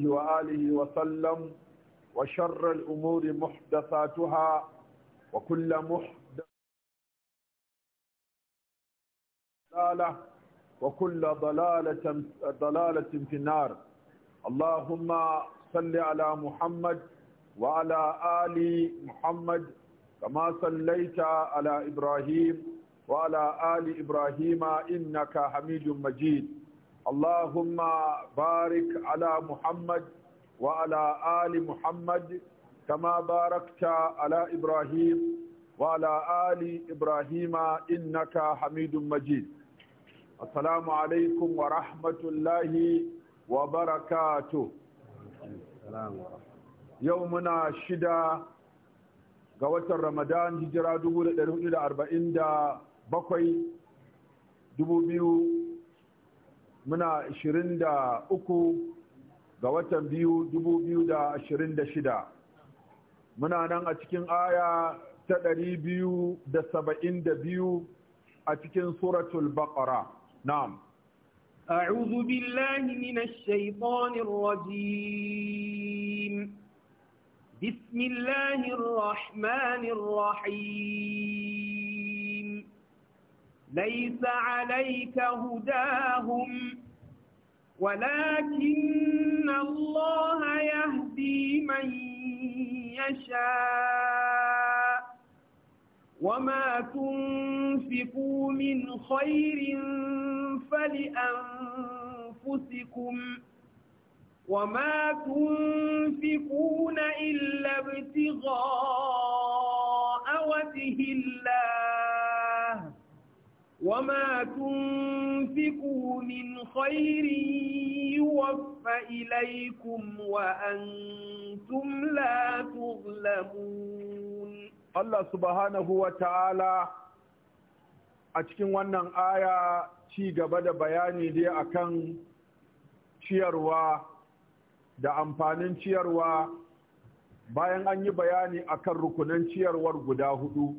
وآله وسلم وشر الأمور محدثاتها وكل محدثة وكل ضلالة, ضلالة في النار اللهم صل على محمد وعلى آل محمد كما صليت على إبراهيم وعلى آل إبراهيم إنك حميد مجيد اللهم بارك على محمد وعلى آل محمد كما باركت على إبراهيم وعلى آل إبراهيم إنك حميد مجيد السلام عليكم ورحمة الله وبركاته يومنا شدا قوة رمضان هجرة دول 47 muna 23 ga watan biyu 2026 muna nan a cikin aya ta 272 a cikin suratul baqara na'am أعوذ بالله من الشيطان الرجيم بسم الله الرحمن الرحيم ليس عليك هداهم ولكن الله يهدي من يشاء وما تنفقوا من خير فلأنفسكم وما تنفقون إلا ابتغاء وجه الله وما تنفقوا من خير يوفى إليكم وأنتم لا تظلمون الله سبحانه وتعالى a cikin wannan aya ci gaba da bayani dai akan ciyarwa da amfanin ciyarwa bayan an yi bayani akan rukunin ciyarwar guda hudu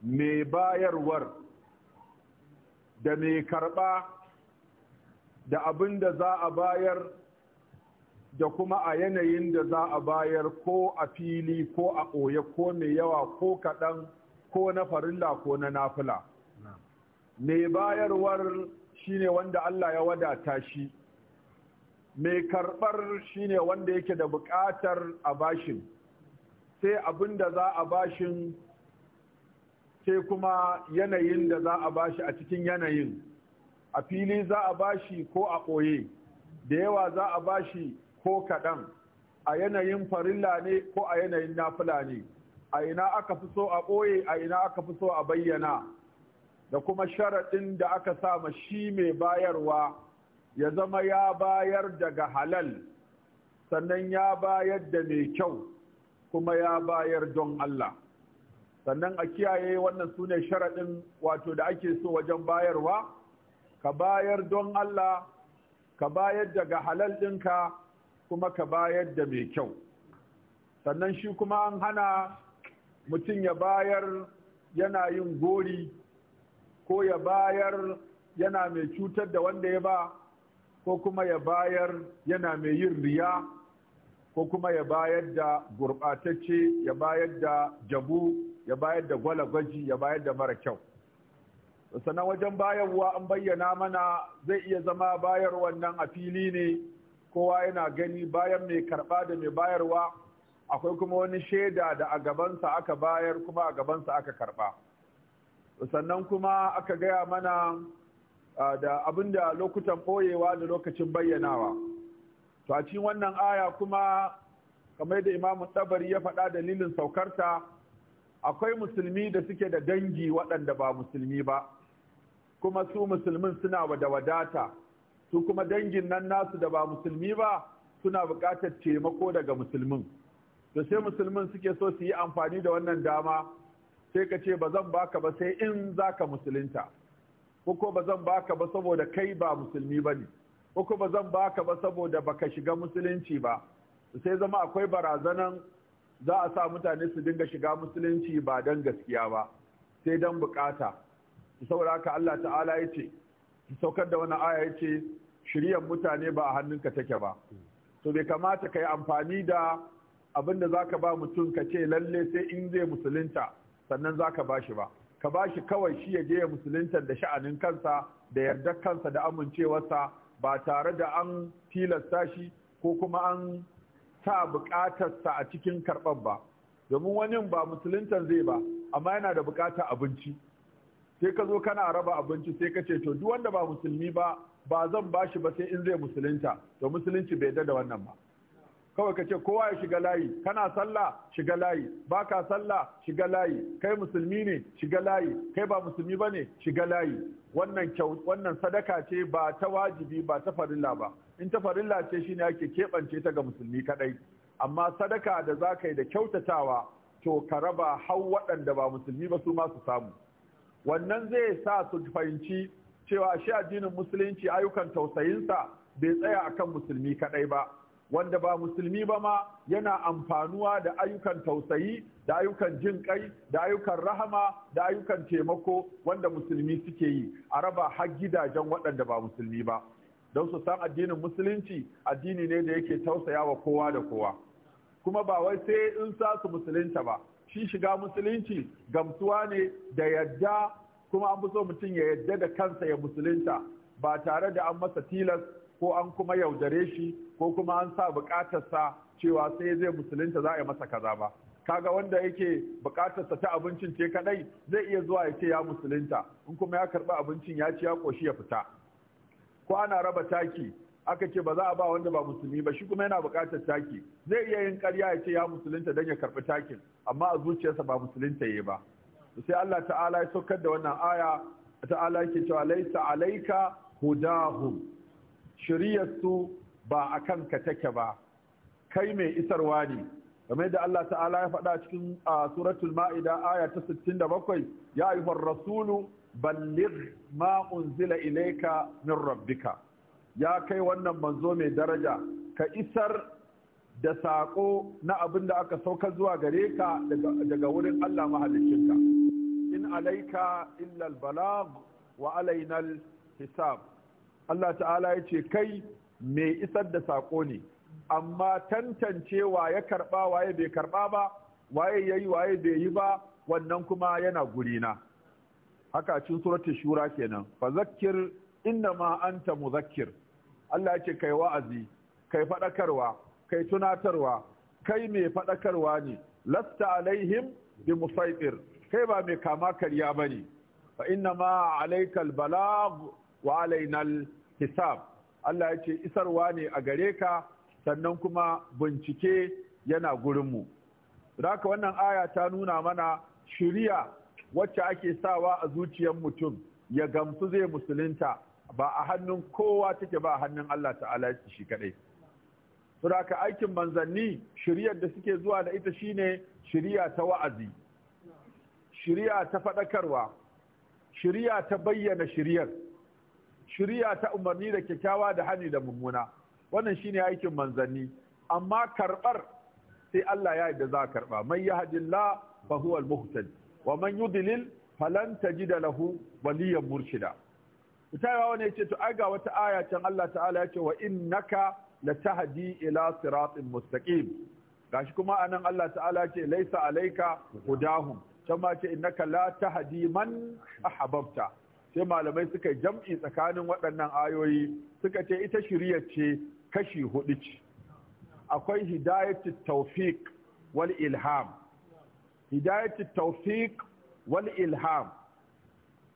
mai bayarwar da mai karɓa da abin da za a bayar da kuma a yanayin da za a bayar ko a fili ko a ɓoye ko mai yawa ko kaɗan ko na farilla ko na nafila mai bayarwar shine wanda Allah ya wadata shi mai karɓar shine wanda yake da buƙatar a bashin sai abin da za a bashin sai kuma yanayin da za a bashi a cikin yanayin a fili za a bashi ko a ɓoye da yawa za a ba shi ko kaɗan a yanayin farilla ne ko a yanayin nafila ne a ina aka fi so a ɓoye a ina aka fi so a bayyana da kuma sharaɗin da aka sa ma shi mai bayarwa ya zama ya bayar daga halal sannan ya bayar da mai kyau kuma ya bayar don Allah sannan a kiyaye wannan su ne sharaɗin wato da ake so wajen bayarwa ka bayar don Allah ka bayar daga halal ɗinka kuma ka bayar da mai kyau sannan shi kuma an hana mutum ya bayar yana yin gori ko ya bayar yana mai cutar da wanda ya ba ko kuma ya bayar yana mai yin riya ko kuma ya bayar da gurɓatacce ya bayar da jabu ya bayar da gwala gwaji, ya bayar da mara kyau sannan wajen bayarwa an bayyana mana zai iya zama bayar wannan a fili ne kowa yana gani bayan mai karba da mai bayarwa akwai kuma wani shaida da a gabansa aka bayar kuma a gabansa aka karba sannan kuma aka gaya mana da abinda lokutan boyewa da lokacin bayyanawa to a cikin wannan aya kuma kamar da imamu tsabari ya faɗa dalilin saukarta akwai musulmi da suke da dangi waɗanda ba musulmi ba kuma su musulmin suna wada wadata su kuma dangin nan nasu da ba musulmi ba suna buƙatar taimako daga musulmin da sai musulmin suke so su yi amfani da wannan dama sai ka ce ba zan baka ba sai in zaka musulunta ko ba zan baka ba saboda kai ba musulmi ba ne ko ba zan baka ba saboda baka shiga musulunci ba sai zama akwai barazanan za a sa mutane su dinga shiga musulunci ba don gaskiya ba sai don bukata saboda haka Allah ta'ala ya ce su saukar da wani aya ya ce shiryan mutane ba a hannunka take ba to bai kamata ka yi amfani da abin da za ka ba mutum ka ce lalle sai in zai musulunta sannan za ka ba shi ba ka ba shi kawai shi ya je ya musulunta da sha'anin kansa da yardar kansa da amincewarsa ba tare da an tilasta shi ko kuma an sa buƙatarsa a cikin karɓar ba domin wani ba musuluntan zai ba amma yana da buƙatar abinci sai ka zo kana raba abinci sai ka ce to duk wanda ba musulmi ba ba zan ba shi ba sai in zai musulunta to musulunci bai da wannan ba kawai ka ce kowa ya shiga layi kana sallah shiga layi baka sallah shiga layi kai musulmi ne shiga layi kai ba musulmi ba ne shiga layi wannan wannan sadaka ce ba ta wajibi ba ta farilla ba in ta lace shi ne ake keɓance ta ga musulmi kaɗai amma sadaka da za ka yi da kyautatawa to ka raba hau waɗanda ba musulmi ba su ma su samu wannan zai sa su fahimci cewa shi addinin musulunci ayyukan tausayinsa bai tsaya akan musulmi kaɗai ba wanda ba musulmi ba ma yana amfanuwa da ayyukan tausayi da ayyukan jin kai da ayyukan rahama da ayyukan taimako wanda musulmi suke yi a raba har gidajen waɗanda ba musulmi ba don su san addinin musulunci addini ne da yake tausaya wa kowa da kowa kuma ba wai sai in sa su musulunta ba shi shiga musulunci gamsuwa ne da yadda kuma an fi so mutum ya yadda da kansa ya musulunta ba tare da an masa tilas ko an kuma yaudare shi ko kuma an sa bukatarsa cewa sai zai musulunta za a yi masa kaza ba kaga wanda yake bukatarsa ta abincin ce kadai zai iya zuwa ya ce ya musulunta in kuma ya karba abincin ya ci ya koshi ya fita ko ana raba taki aka ce ba za a ba wanda ba musulmi ba shi kuma yana buƙatar taki zai iya yin ƙarya ya ce ya musulunta don ya karɓi takin amma a zuciyarsa ba musulunta ya ba sai Allah ta'ala ya saukar da wannan aya ta'ala yake cewa laisa alaika hudahum shiriyarsu ba a kan ka take ba kai mai isarwa ne game da Allah ta'ala ya faɗa cikin ah, suratul ma'ida aya ta 67 ya ayyuhar rasulu balligh ma unzila ilayka min rabbika ya kai wannan manzo mai daraja ka isar da sako na abin da aka sauka zuwa gare ka daga wurin Allah ka. in alaika illa albalagh wa alayna hisab Allah ta'ala ya ce kai mai isar da sako ne amma tantancewa ya karba, waye bai karba ba waye yayi waye bai yi ba wannan kuma yana gurina haka a cikin suratul shura kenan fa zakkir innama anta muzakkir Allah yake kai wa'azi kai faɗakarwa, kai tunatarwa kai mai faɗakarwa ne lasta alaihim bi musaitir kai ba mai kama karya bane fa innama alaikal balag wa alainal hisab Allah yake isarwa ne a gare ka sannan kuma bincike yana gurinmu. Raka wannan aya ta nuna mana shiriya wacce ake sawa a zuciyar mutum ya gamsu zai musulunta ba a hannun kowa take ba a hannun Allah ta'ala shi kadai saboda aikin manzanni shiryar da suke zuwa da ita shine shirya ta wa'azi shirya ta faɗakarwa shirya ta bayyana shiryar, shirya ta umarni da kyakkyawa da hani da mummuna wannan shine aikin manzanni amma karɓar sai Allah ya yi da za a karɓa mai yahdillah fa huwa al-muhtadi wa man yudlil da. tajida lahu waliyan murshida itawa wani yace to ai ga wata aya can Allah ta'ala ce wa innaka latahadi ila siratin mustaqim gashi kuma anan Allah ta'ala ce laisa alaika hudahum can ma ce innaka latahadi tahdi man ahbabta sai malamai suka jam'i tsakanin waɗannan ayoyi suka ce ita shiriyar ce kashi hudu ce akwai hidayatul Taufiq wal ilham hidayatu tawfiq wal ilham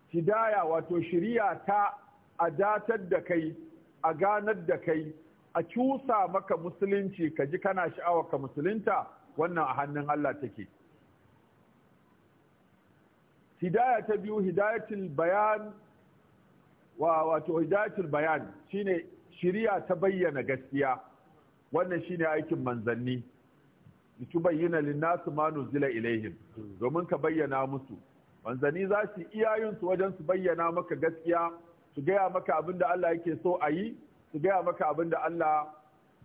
hidaya wato shiriya ta a datar da kai a ganar da kai a cusa maka musulunci ka ji kana sha'awa ka musulunta wannan a hannun Allah take hidaya ta biyu hidayatul bayan wa wato hidayatul bayan shine shiriya ta bayyana gaskiya wannan shine aikin manzanni litubayyana linnasu ma nuzila ilaihim domin ka bayyana musu manzani za su iyayen su wajen su bayyana maka gaskiya su gaya maka abin da Allah yake so a yi su gaya maka abin da Allah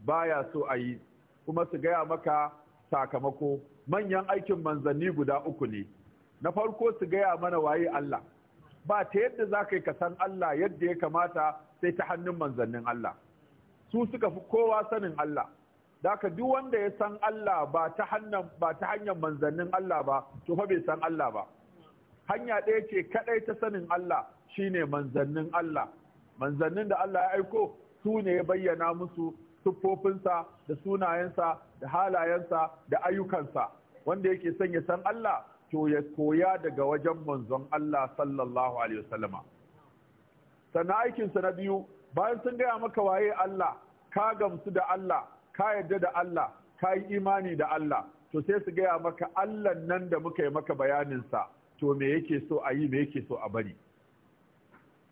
baya so a yi kuma su gaya maka sakamako manyan aikin manzani guda uku ne na farko su gaya mana waye Allah ba ta yadda za ka yi ka san Allah yadda ya kamata sai ta hannun manzannin Allah su suka fi kowa sanin Allah da ka duk wanda ya san Allah ba ta hanyar ba ta hanyar manzannin Allah ba to fa bai san Allah ba hanya ɗaya ce kadai ta sanin Allah shine manzannin Allah manzannin da Allah ya aiko su ne ya bayyana musu siffofinsa da sunayensa da halayensa da ayyukansa wanda yake son ya san Allah to ya koya daga wajen manzon Allah sallallahu alaihi wasallama sana aikinsa na biyu bayan sun gaya maka waye Allah ka gamsu da Allah ka yarda da Allah ka yi imani da Allah to sai su gaya maka Allah nan da muka yi maka bayaninsa to me yake so a yi me yake so a bari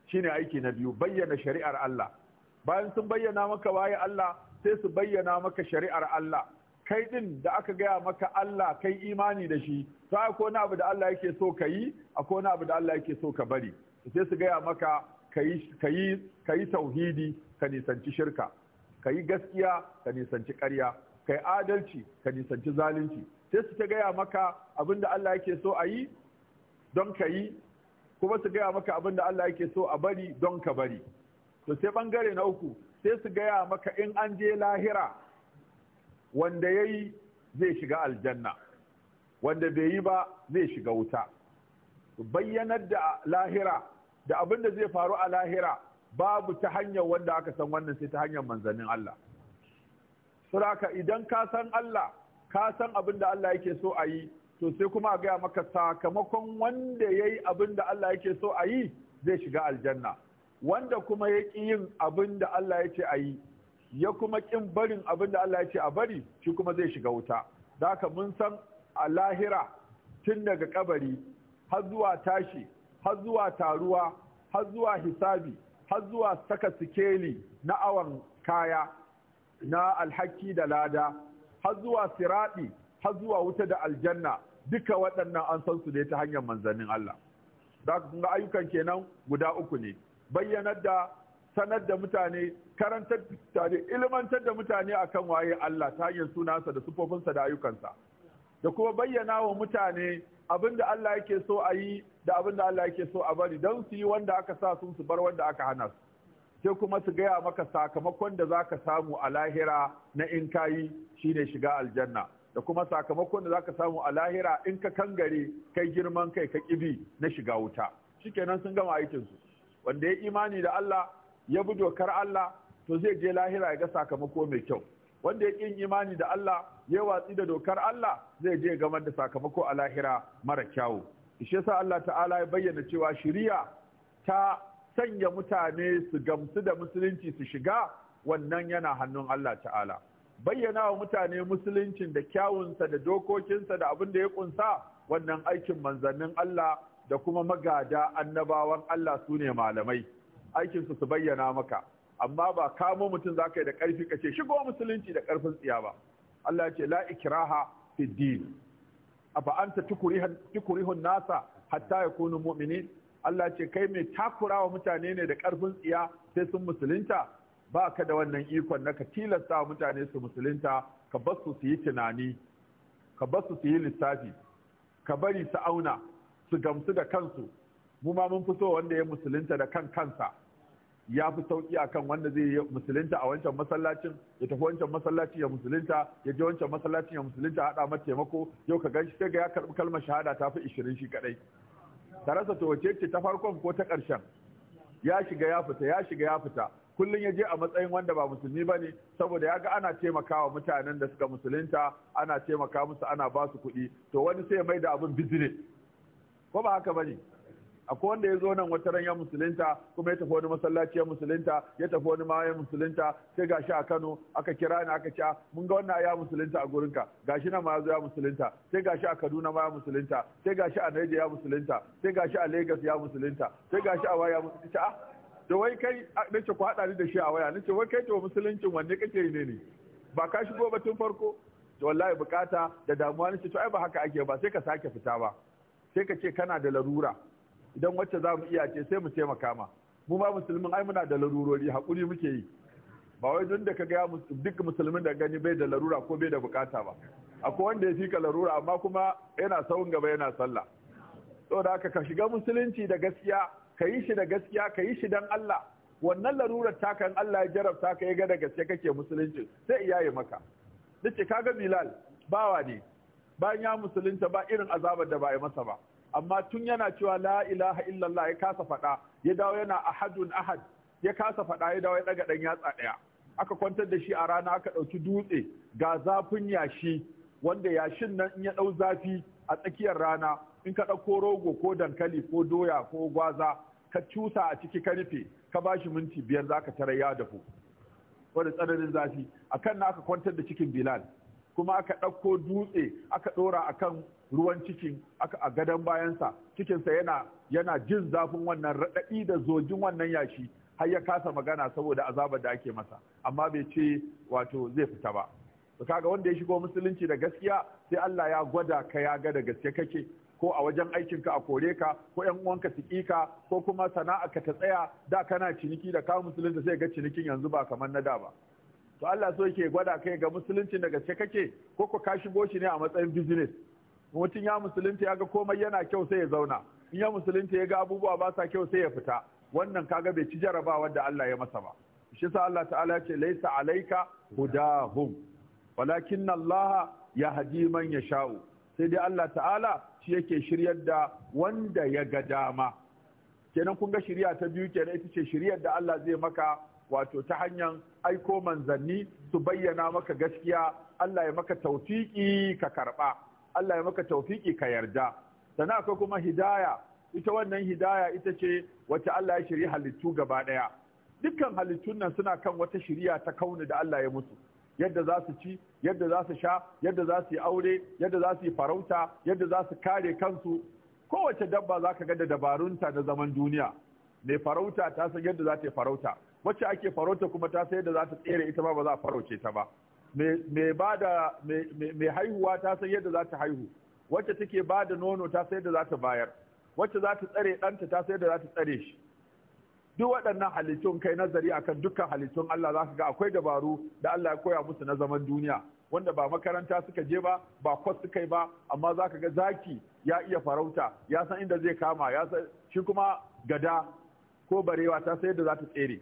shine aiki na biyu bayyana shari'ar Allah bayan sun bayyana maka waye Allah sai su bayyana maka shari'ar Allah kai din da aka gaya maka Allah kai imani da shi to ko wani abu da Allah yake so ka yi akwai wani abu da Allah yake so ka bari sai su gaya maka ka yi tauhidi ka nisanci shirka ka yi gaskiya ka nisanci karya. ka yi adalci ka nisanci zalunci sai su ta gaya maka abin da Allah yake so a yi don ka yi kuma su gaya maka abin da Allah yake so a bari don ka bari to sai bangare na uku sai su gaya maka in an je lahira wanda ya yi zai shiga aljanna wanda bai yi ba zai shiga wuta bayyanar da lahira da abin da zai faru a lahira babu ta hanyar wanda aka san wannan sai ta hanyar manzannin Allah suraka idan ka san Allah ka san abin da Allah yake so a yi to sai kuma a gaya maka sakamakon wanda ya yi abin da Allah yake so a yi zai shiga aljanna wanda kuma ya ƙi yin abin da Allah ya ce a yi ya kuma ƙin barin abin da Allah ya ce a bari shi kuma zai shiga wuta da mun san a lahira tun daga kabari har zuwa tashi har zuwa taruwa har zuwa hisabi har zuwa saka sikeli na awon kaya na alhaki da lada har zuwa siraɗi har zuwa wuta da aljanna duka waɗannan an san su ne ta hanyar manzannin Allah za ku ga ayyukan kenan guda uku ne bayyanar da sanar da mutane karantar tare ilmantar da mutane akan waye Allah ta hanyar sunansa da sufofinsa da ayyukansa da kuma bayyana wa mutane abin da Allah yake so a yi da abin da Allah yake so a bari don su yi wanda aka sa sun su bar wanda aka hana su sai kuma su gaya maka sakamakon da za ka samu a lahira na in kayi shine shiga aljanna da kuma sakamakon da za ka samu a lahira in ka kangare kai girman kai ka ƙibi na shiga wuta shikenan sun gama su, wanda ya imani da Allah ya bi dokar Allah to zai je lahira ya ga sakamako mai kyau wanda ya ƙin imani da Allah ya watsi da dokar Allah zai je gamar da sakamako a lahira mara kyawu shi sa Allah ta'ala ya bayyana cewa shiriya ta sanya mutane su gamsu da musulunci su shiga wannan yana hannun Allah ta'ala bayyana wa mutane musuluncin da kyawunsa da dokokinsa da abin da ya kunsa wannan aikin manzannin Allah da kuma magada annabawan Allah su ne malamai aikinsu su bayyana maka amma ba kamo mutum za ka yi da ƙarfi ka shigo musulunci da ƙarfin tsiya ba Allah ya ce la ikraha fi din afa anta tukurihun nasa hatta ya kunu mu'minin Allah ce kai mai takurawa mutane ne da karfin tsiya sai sun musulunta ba ka da wannan ikon na ka tilasta mutane su musulunta ka ba su yi tunani ka basu su su yi lissafi ka bari su auna su gamsu da kansu mu ma mun fi so wanda ya musulunta da kan kansa ya fi sauki kan wanda zai yi musulunta a wancan masallacin ya tafi wancan masallacin ya musulunta ya je wancan masallacin ya musulunta hada mata taimako yau ka ganshi sai ga ya karbi kalmar shahada ta fi ishirin shi kadai ta rasa to wace ce ta farkon ko ta karshen ya shiga ya fita ya shiga ya fita kullum ya je a matsayin wanda ba musulmi ba ne saboda ya ga ana taimakawa mutanen da suka musulunta ana taimaka musu ana basu kuɗi to wani sai mai da abin bizine ko ba haka ba ne akwai wanda ya zo nan wata ran ya musulunta kuma ya tafi wani masallaci ya musulunta ya tafi wani ma ya musulunta sai gashi a Kano aka kira ni aka ce ah, mun ga wannan ya musulunta a gurinka gashi na ma ya zo ya musulunta sai gashi a Kaduna ma ya musulunta sai gashi a Niger ya musulunta sai gashi a Lagos ya musulunta sai gashi a Waya musulunta a ah, to wai kai ah, nace ku hada ni da shi a waya nace wai kai to musuluncin wanne kake ne ne ba ka shigo ba tun farko to wallahi bukata da damuwa nace to ai ba haka ake ba sai ka sake fita ba sai ka ce kana da larura idan wacce za mu iya ce sai mu taimaka ma mu ba musulmin ai muna da larurori haƙuri muke yi ba wai don da ka gaya duk musulmin da gani bai da larura ko bai da bukata ba akwai wanda ya fi ka larura amma kuma yana sauyin gaba yana sallah da haka ka shiga musulunci da gaskiya ka yi shi da gaskiya ka yi shi dan Allah wannan larurar kan Allah ya jarabta ka ga da gaske kake musulunci sai iyaye maka dace kaga Bilal bawa ne bayan ya musulunta ba irin azabar da ba yi masa ba amma tun yana cewa la ilaha illallah ya kasa faɗa ya dawo yana ahadun ahad ya kasa faɗa ya dawo ya ɗaga ɗan yatsa ɗaya aka kwantar da shi a rana aka ɗauki dutse ga zafin yashi wanda yashin nan in ya ɗau zafi a tsakiyar rana in ka ɗauko rogo ko dankali ko doya ko gwaza ka cusa a ciki ka rufe ka ba shi minti biyar za ka tare ya dafu wanda tsananin zafi Akan na aka kwantar da cikin bilal kuma aka ɗauko dutse aka ɗora a kan ruwan cikin aka a gadon bayansa cikinsa yana yana jin zafin wannan raɗaɗi da zojin wannan yashi har ya kasa magana saboda azabar da ake masa amma bai ce wato zai fita ba to kaga wanda ya shigo musulunci da gaskiya sai Allah ya gwada ka ya ga da gaske kake ko a wajen aikinka a kore ka ko yan uwanka su ka ko kuma sana'a ka ta tsaya da kana ciniki da ka musulunta sai ga cinikin yanzu ba kamar na da ba to Allah so yake gwada kai ga musulunci daga gaske kake ko ko ka shigo shi ne a matsayin business mutum ya musulunta ya ga komai yana kyau sai ya zauna in ya musulunci ya ga abubuwa ba sa kyau sai ya fita wannan kaga bai ci jarabawa da Allah ya masa ba shi sa Allah ta'ala ya ce laisa alaika hudahum walakin Allah ya hadi man sha'u. sai dai Allah ta'ala shi yake shiryar da wanda ya ga dama kenan kun ga shiriya ta biyu kenan ita ce shiryar da Allah zai maka wato ta hanyar aiko manzanni su bayyana maka gaskiya Allah ya maka taufiki ka karba Allah ya maka taufiki ka yarda sannan akwai kuma hidaya ita wannan hidaya ita ce wacce Allah ya shirya halittu gaba ɗaya dukkan halittun nan suna kan wata shirya ta kauna da Allah ya mutu yadda za su ci yadda za su sha yadda za su yi aure yadda za su yi farauta yadda za su kare kansu kowace dabba za ka ga da dabarunta na zaman duniya mai farauta ta san yadda za ta yi farauta wacce ake farauta kuma ta sai da za ta tsere ita ma ba za a farauce ta ba mai ba da mai haihuwa ta san yadda za ta haihu wacce take ba da nono ta sai da za ta bayar wacce za ta tsare ɗanta ta sai da za ta tsare shi duk waɗannan halittun kai nazari akan dukkan halittun Allah za ka ga akwai dabaru da Allah ya koya musu na zaman duniya wanda ba makaranta suka je ba ba kwas suka yi ba amma za ka ga zaki ya iya farauta ya san inda zai kama ya san shi kuma gada ko barewa ta sai da za ta tsere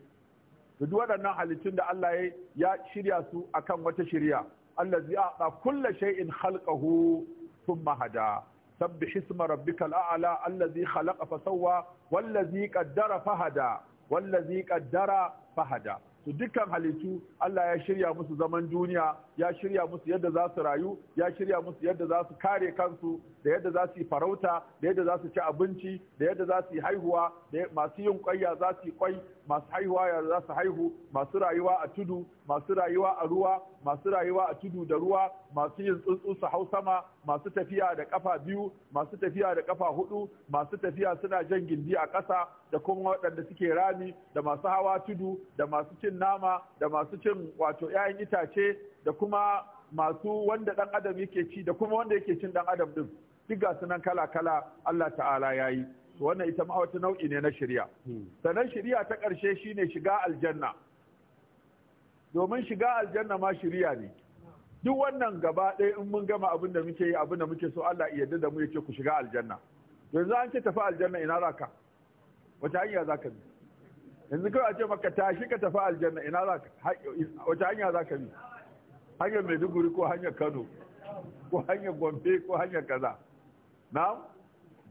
duk waɗannan halittun da Allah ya shirya su akan wata shirya allazi a'ta kulla shay'in khalqahu thumma hada sabbih isma rabbikal a'la allah zai fa sawwa wallazi qaddara fa hada wallazi qaddara fa hada to dukkan halittu Allah ya shirya musu zaman duniya ya shirya musu yadda za su rayu ya shirya musu yadda za su kare kansu da yadda za su yi farauta da yadda za su ci abinci da yadda za su yi haihuwa da masu yin kwai za su yi kwai masu haihuwa ya za su haihu masu rayuwa a tudu masu rayuwa a ruwa masu rayuwa a tudu da ruwa masu yin tsuntsu su hau sama masu tafiya da kafa biyu masu tafiya da kafa hudu masu tafiya suna jan gindi a ƙasa da kuma waɗanda suke rami da masu hawa tudu da masu cin nama da masu cin wato 'ya'yan itace da kuma masu wanda dan adam yake ci da kuma wanda yake cin dan adam din duk ga sunan kala kala Allah ta'ala yayi wannan ita ma wata nau'i ne na shari'a hmm. sannan shari'a ta karshe shine shiga aljanna domin shiga aljanna ma shari'a ne duk wannan gaba ɗaya in mun gama abin da muke yi abin da muke so Allah ya yarda da mu ya ku shiga aljanna yanzu an ce tafi aljanna ina za ka wata hanya za ka bi yanzu kawai a ce maka tashi ka tafi aljanna ina za ka wata hanya za ka bi hanyar maiduguri ko hanyar kano ko hanyar gombe ko hanyar kaza na'am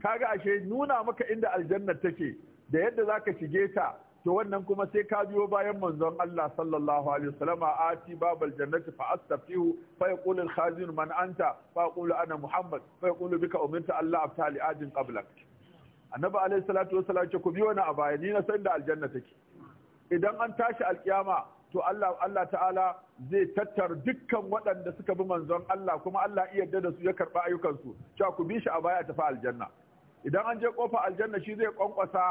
kaga ashe nuna maka inda aljanna take da yadda zaka shige ta to wannan kuma sai ka biyo bayan manzon Allah sallallahu alaihi wasallam ati babal jannati fa astafihu fa yaqulu al khazin man anta fa yaqulu ana muhammad fa yaqulu bika umirtu Allah abtali ajin qablak annabi alaihi salatu wasallam ce ku biyo na a baya ni na san da aljanna take idan an tashi alkiyama to Allah Allah ta'ala zai tattara dukkan waɗanda suka bi manzon Allah kuma Allah iya yarda da su ya karɓa ayyukan su cewa ku bi shi a baya tafi aljanna idan an je kofa aljanna shi zai kwankwasa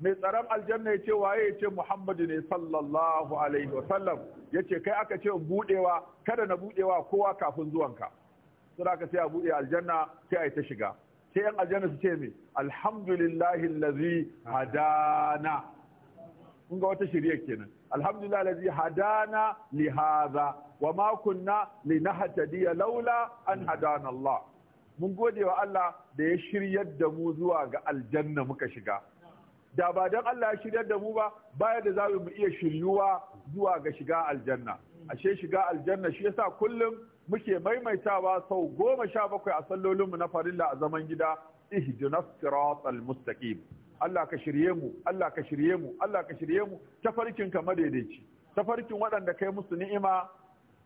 mai tsaron aljanna ya ce waye ya ce Muhammadu ne sallallahu alaihi wa sallam ya ce kai aka ce budewa kada na budewa kowa kafin zuwanka sai aka sai a bude aljanna sai a yi ta shiga sai yan aljanna su ce me alhamdulillahi allazi hadana kun ga wata shirya kenan alhamdulillah allazi hadana li hadha wa ma kunna linahtadiya laula an hadana Allah mun gode wa Allah da ya shiryar da mu zuwa ga aljanna muka shiga da ba dan Allah ya shiryar da mu ba baya da za mu iya shiryuwa zuwa ga shiga aljanna ashe shiga aljanna shi yasa kullum muke maimaitawa sau goma sha bakwai a sallolinmu na farilla a zaman gida ihdinas siratal mustaqim Allah ka shirye mu Allah ka shirye mu Allah ka shirye mu tafarkin ka madaidaici tafarkin waɗanda kai musu ni'ima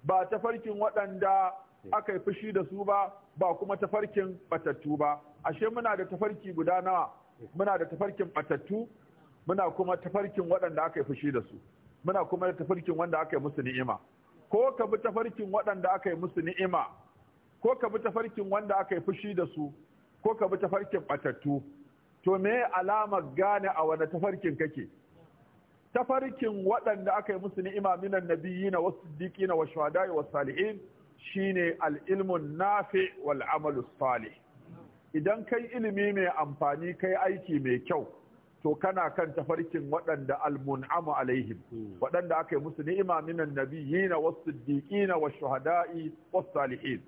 ba tafarkin waɗanda aka yi fushi da su ba ba kuma tafarkin batattu ba ashe muna da tafarki guda nawa muna da tafarkin batattu muna kuma tafarkin waɗanda aka yi fushi da su muna kuma da tafarkin wanda aka yi musu ni'ima ko ka bi tafarkin waɗanda aka yi musu ni'ima ko ka bi tafarkin wanda aka yi fushi da su ko ka bi tafarkin batattu to me alamar gane a wani tafarkin kake tafarkin waɗanda aka yi musu ni'ima minan na wasu na wasu shuhada'i wasu salihin shi ne al'ilmun nafe wal amalu fali. idan kai ilimi mai amfani kai aiki mai kyau to kana kan tafarkin waɗanda almun'amu alaihim hmm. waɗanda aka yi musu ni'ima minan wasu diki na wasu shuhada'i wasu salihin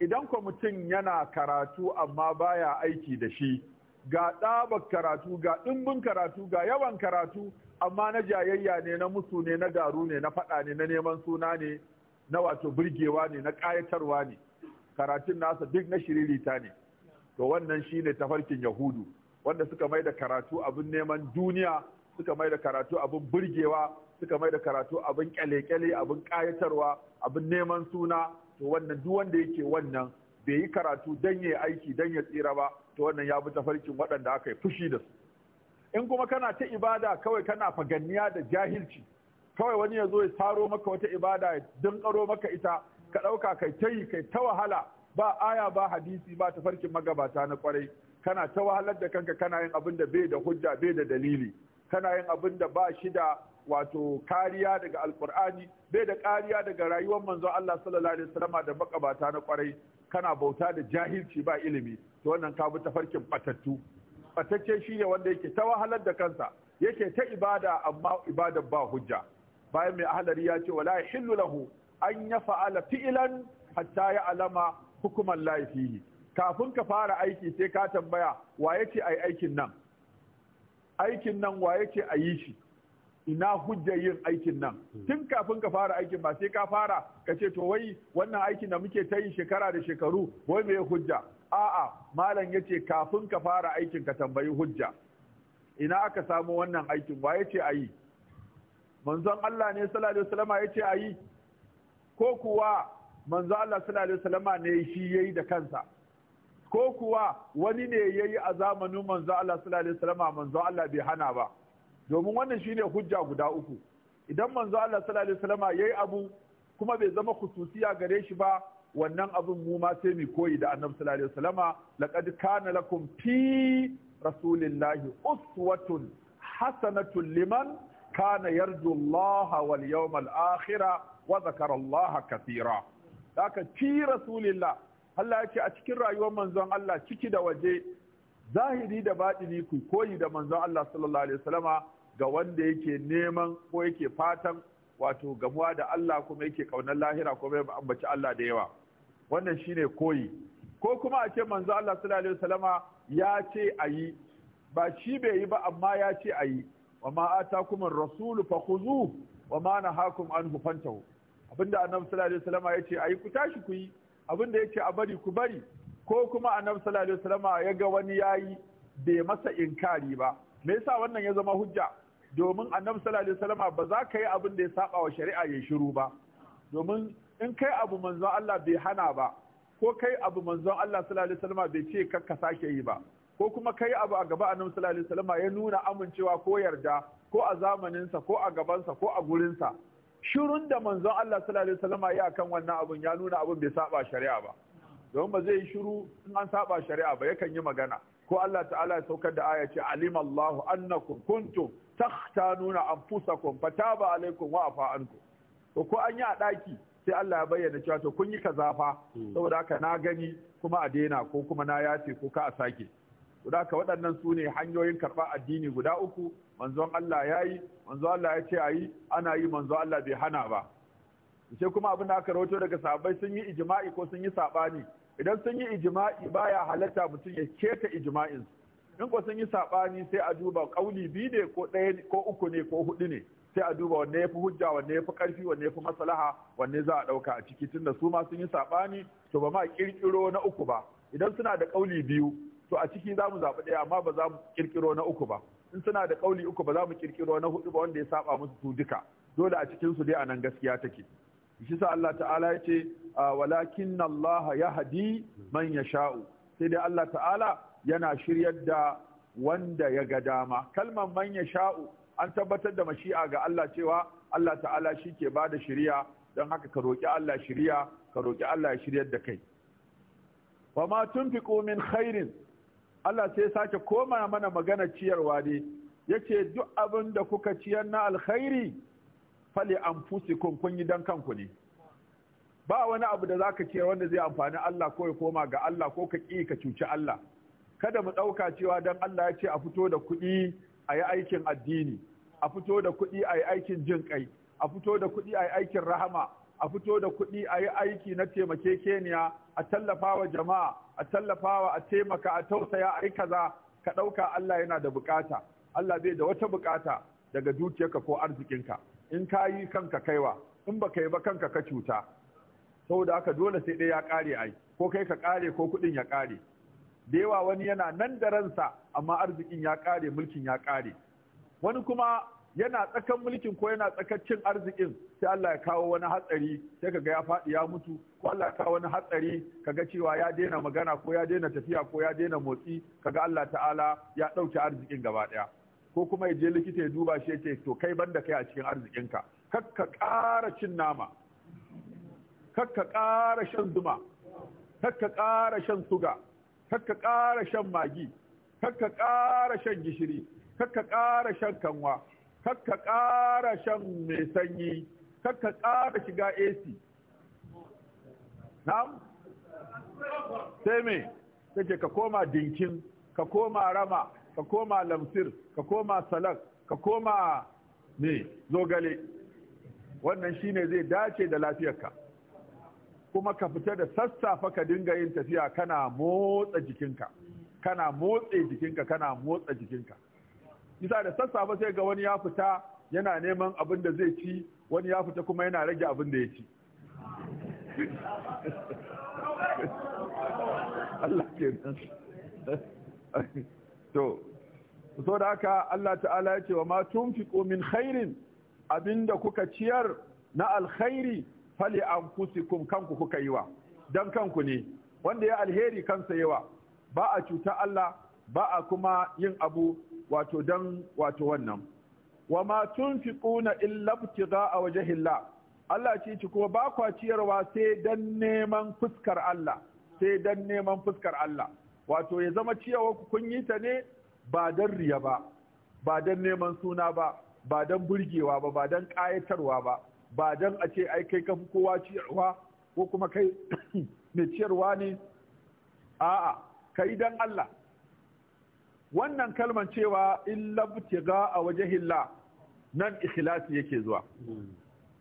idan kwa mutum yana karatu amma baya aiki da shi ga ɗabar karatu ga ɗimbin karatu ga yawan karatu amma na jayayya ne na musu ne na garu ne na faɗa ne na neman suna ne na wato burgewa ne na ƙayatarwa ne karatun nasa duk na shiririta ne to wannan shi ne tafarkin yahudu wanda suka mai da karatu abin neman duniya suka mai da karatu abin burgewa suka mai da karatu abin ƙyale-ƙyale, abin ƙayatarwa abin neman suna to wannan duk wanda yake wannan bai yi karatu don ya aiki don ya tsira ba to wannan ya bi tafarkin waɗanda aka yi fushi da su in kuma kana ta ibada kawai kana faganniya da jahilci kawai wani ya zo ya taro maka wata ibada ya dinkaro maka ita ka ɗauka kai ta yi kai ta wahala ba aya ba hadisi ba tafarkin magabata na kwarai kana ta wahalar da kanka kana yin abin da bai da hujja bai da dalili kana yin abin da ba shi da wato kariya daga alkur'ani bai da kariya daga rayuwar manzo Allah sallallahu alaihi wasallam da makabata na kwarai kana bauta da jahilci ba ilimi to wannan ka bi tafarkin batattu batacce ne wanda yake ta wahalar da kansa yake ta ibada amma ibadar ba hujja bayan mai ahalari ya ce wala hillu lahu an ya fa'ala fi'ilan hatta ya alama hukuman laifihi kafin ka fara aiki sai ka tambaya wa yace ai aikin nan aikin nan wa yace a yi shi ina hujja yin aikin nan tun kafin ka fara aikin ba sai ka fara ka ce to wai wannan aikin da muke ta yi shekara da shekaru wai me hujja a'a malam yace kafin ka fara aikin ka tambayi hujja ina aka samu wannan aikin wa yace ayi manzon Allah ne sallallahu alaihi wasallama yace ayi ko kuwa manzon Allah sallallahu alaihi wasallama ne shi yayi da kansa ko kuwa wani ne yayi a zamanin manzon Allah sallallahu alaihi wasallama manzon Allah bai hana ba domin wannan shine hujja guda uku idan manzon Allah sallallahu alaihi wasallama yayi abu kuma bai zama kususiya gare shi ba wannan abin mu ma sai mu koyi da annabi sallallahu alaihi wasallama laqad kana lakum fi rasulillahi uswatun hasanatun liman kana yarju Allah wal yawmal akhir wa zakara Allah kathira haka fi rasulillah Allah yake a cikin rayuwar manzon Allah ciki da waje zahiri da batini ku koyi da manzon Allah sallallahu alaihi wasallama ga wanda yake neman ko yake fatan wato gamuwa da Allah kuma yake kaunar lahira kuma ya ambaci Allah da yawa wannan shine koyi ko kuma a ce manzo Allah sallallahu alaihi wasallama ya ce ayi ba shi bai yi ba amma ya ce ayi wa ma atakum ar-rasul fakhuzu wa ma nahakum anhu fantahu abinda annabi sallallahu alaihi wasallama ya ce ayi ku tashi ku yi abinda yake a bari ku bari ko kuma annabi sallallahu alaihi wasallama ya ga wani yayi bai masa inkari ba me yasa wannan ya zama hujja domin annabi sallallahu alaihi wasallama ba za ka yi abin da ya saba wa shari'a ya shiru ba domin in kai abu manzon Allah bai hana ba ko kai abu manzon Allah sallallahu alaihi wasallam bai ce ka ka sake yi ba ko kuma kai abu a gaba annabi sallallahu alaihi wasallam ya nuna amincewa ko yarda ko a zamanin sa, ko a gaban sa, ko a gurin sa? shirun da manzon Allah sallallahu alaihi wasallam ya kan wannan abun ya nuna abun bai saba shari'a ba don ba zai yi shiru in an saba shari'a ba yakan yi magana ko Allah ta'ala ya saukar da aya ce alimallahu annakum kuntum takhtanuna anfusakum fataba alaikum wa afa ankum ko an yi a daki sai Allah ya bayyana cewa to kun yi kaza fa hmm. saboda haka na gani kuma a daina ko kuma na yace ko ka a sake saboda haka waɗannan su ne hanyoyin karɓar addini guda uku manzon Allah ya yi manzon Allah ya ce a yi ana yi manzon Allah bai hana ba sai kuma abin da aka rawato daga sahabbai sun yi ijma'i ko sun yi saɓani. idan sun yi ijma'i baya halatta mutum ya keta ijma'in in ko sun yi saɓani sai a duba kauli biyu ko ɗaya ko uku ne ko hudu ne sai a duba wanne ya fi hujja wanne ya fi karfi wanne ya fi maslaha wanne za a ɗauka a ciki tun da su ma sun yi saɓani to ba ma kirkiro na uku ba idan suna da kauli biyu to a ciki za mu zaɓi ɗaya amma ba za mu kirkiro na uku ba in suna da kauli uku ba za mu kirkiro na hudu ba wanda ya saba musu su duka dole a cikin su dai anan gaskiya take shi sa Allah ta'ala ya ce ah, walakin Allah ya hadi man ya sha'u sai dai Allah ta'ala yana shiryar da wanda ya ga dama kalmar man ya sha'u an tabbatar da mashi'a ga Allah cewa Allah ta'ala shi ke ba da shiriya don haka ka roƙi Allah shirya ka roƙi Allah ya shiryar da kai wa ma tunfiqu min khairin Allah sai sake koma mana magana ciyarwa ne yace duk abin da kuka ciyar na alkhairi fali anfusikum kun yi dan kanku ne ba wani abu da zaka ciyar wanda zai amfani Allah ko ya koma ga Allah ko ka ki ka cuci Allah kada mu ɗauka cewa dan Allah ya ce a fito da kuɗi a yi aikin addini a fito da kuɗi a yi aikin jin ƙai, a fito da kuɗi a yi aikin rahama a fito da kuɗi a yi aiki na taimake keniya, a tallafa wa jama'a a tallafa wa a taimaka a tausaya a yi kaza ka ɗauka Allah yana da bukata Allah bai da wata bukata daga dukiyarka ko arzikinka in ka yi kanka kaiwa in ba yi ba kanka ka cuta saboda haka dole sai ɗaya ya ƙare ai ko kai ka ƙare ko kuɗin ya ƙare da yawa wani yana nan da ransa amma arzikin ya ƙare mulkin ya ƙare wani kuma yana tsakan mulkin ko yana tsakaccin arzikin sai Allah ya kawo wani hatsari sai kaga ya faɗi ya mutu ko Allah ya kawo wani hatsari kaga cewa ya daina magana ko ya daina tafiya ko ya daina motsi kaga Allah ta'ala ya ɗauke arzikin gaba ɗaya ko kuma ya je likita ya duba shi yace to kai banda kai a cikin arzikinka kar ka ƙara cin nama kar ka ƙara shan zuma kar ka ƙara shan suga kar ka ƙara shan magi kar ƙara shan gishiri kakka ƙara shan kanwa kakka ƙara shan mai sanyi kakka ƙara shiga AC Na sai mai kace ka koma dinkin ka koma rama ka koma lamsir ka koma salak ka koma ne zogale wannan shine zai dace da lafiyarka kuma ka fita da sassafa ka dinga yin tafiya kana motsa jikinka kana motsa jikinka kana motsa jikinka bisa da sassafe sai ga wani ya fita yana neman abin da zai ci wani ya fita kuma yana rage abin da ya ci Allah to so da haka Allah ta'ala ya ce wa ma tunfiqu min khairin abinda kuka ciyar na alkhairi fali anfusikum kanku kuka yiwa, wa dan kanku ne wanda ya alheri kansa yawa ba a cuta Allah ba a kuma yin abu wato dan wato wannan wa ma tunfiquna illa waje hilla? Allah ce ci kuma ba kwa ciyarwa sai dan neman fuskar Allah sai dan neman fuskar Allah wato ya zama ciyawa kun yi ta ne ba dan riya ba ba dan neman suna ba ba dan burgewa ba ba dan kayatarwa ba ba dan a ce ai kai kafi kowa ciyarwa ko kuma kai mai ciyarwa ne a'a kai dan Allah wannan kalman cewa illa butiga a wajahillah nan ikhlasi yake zuwa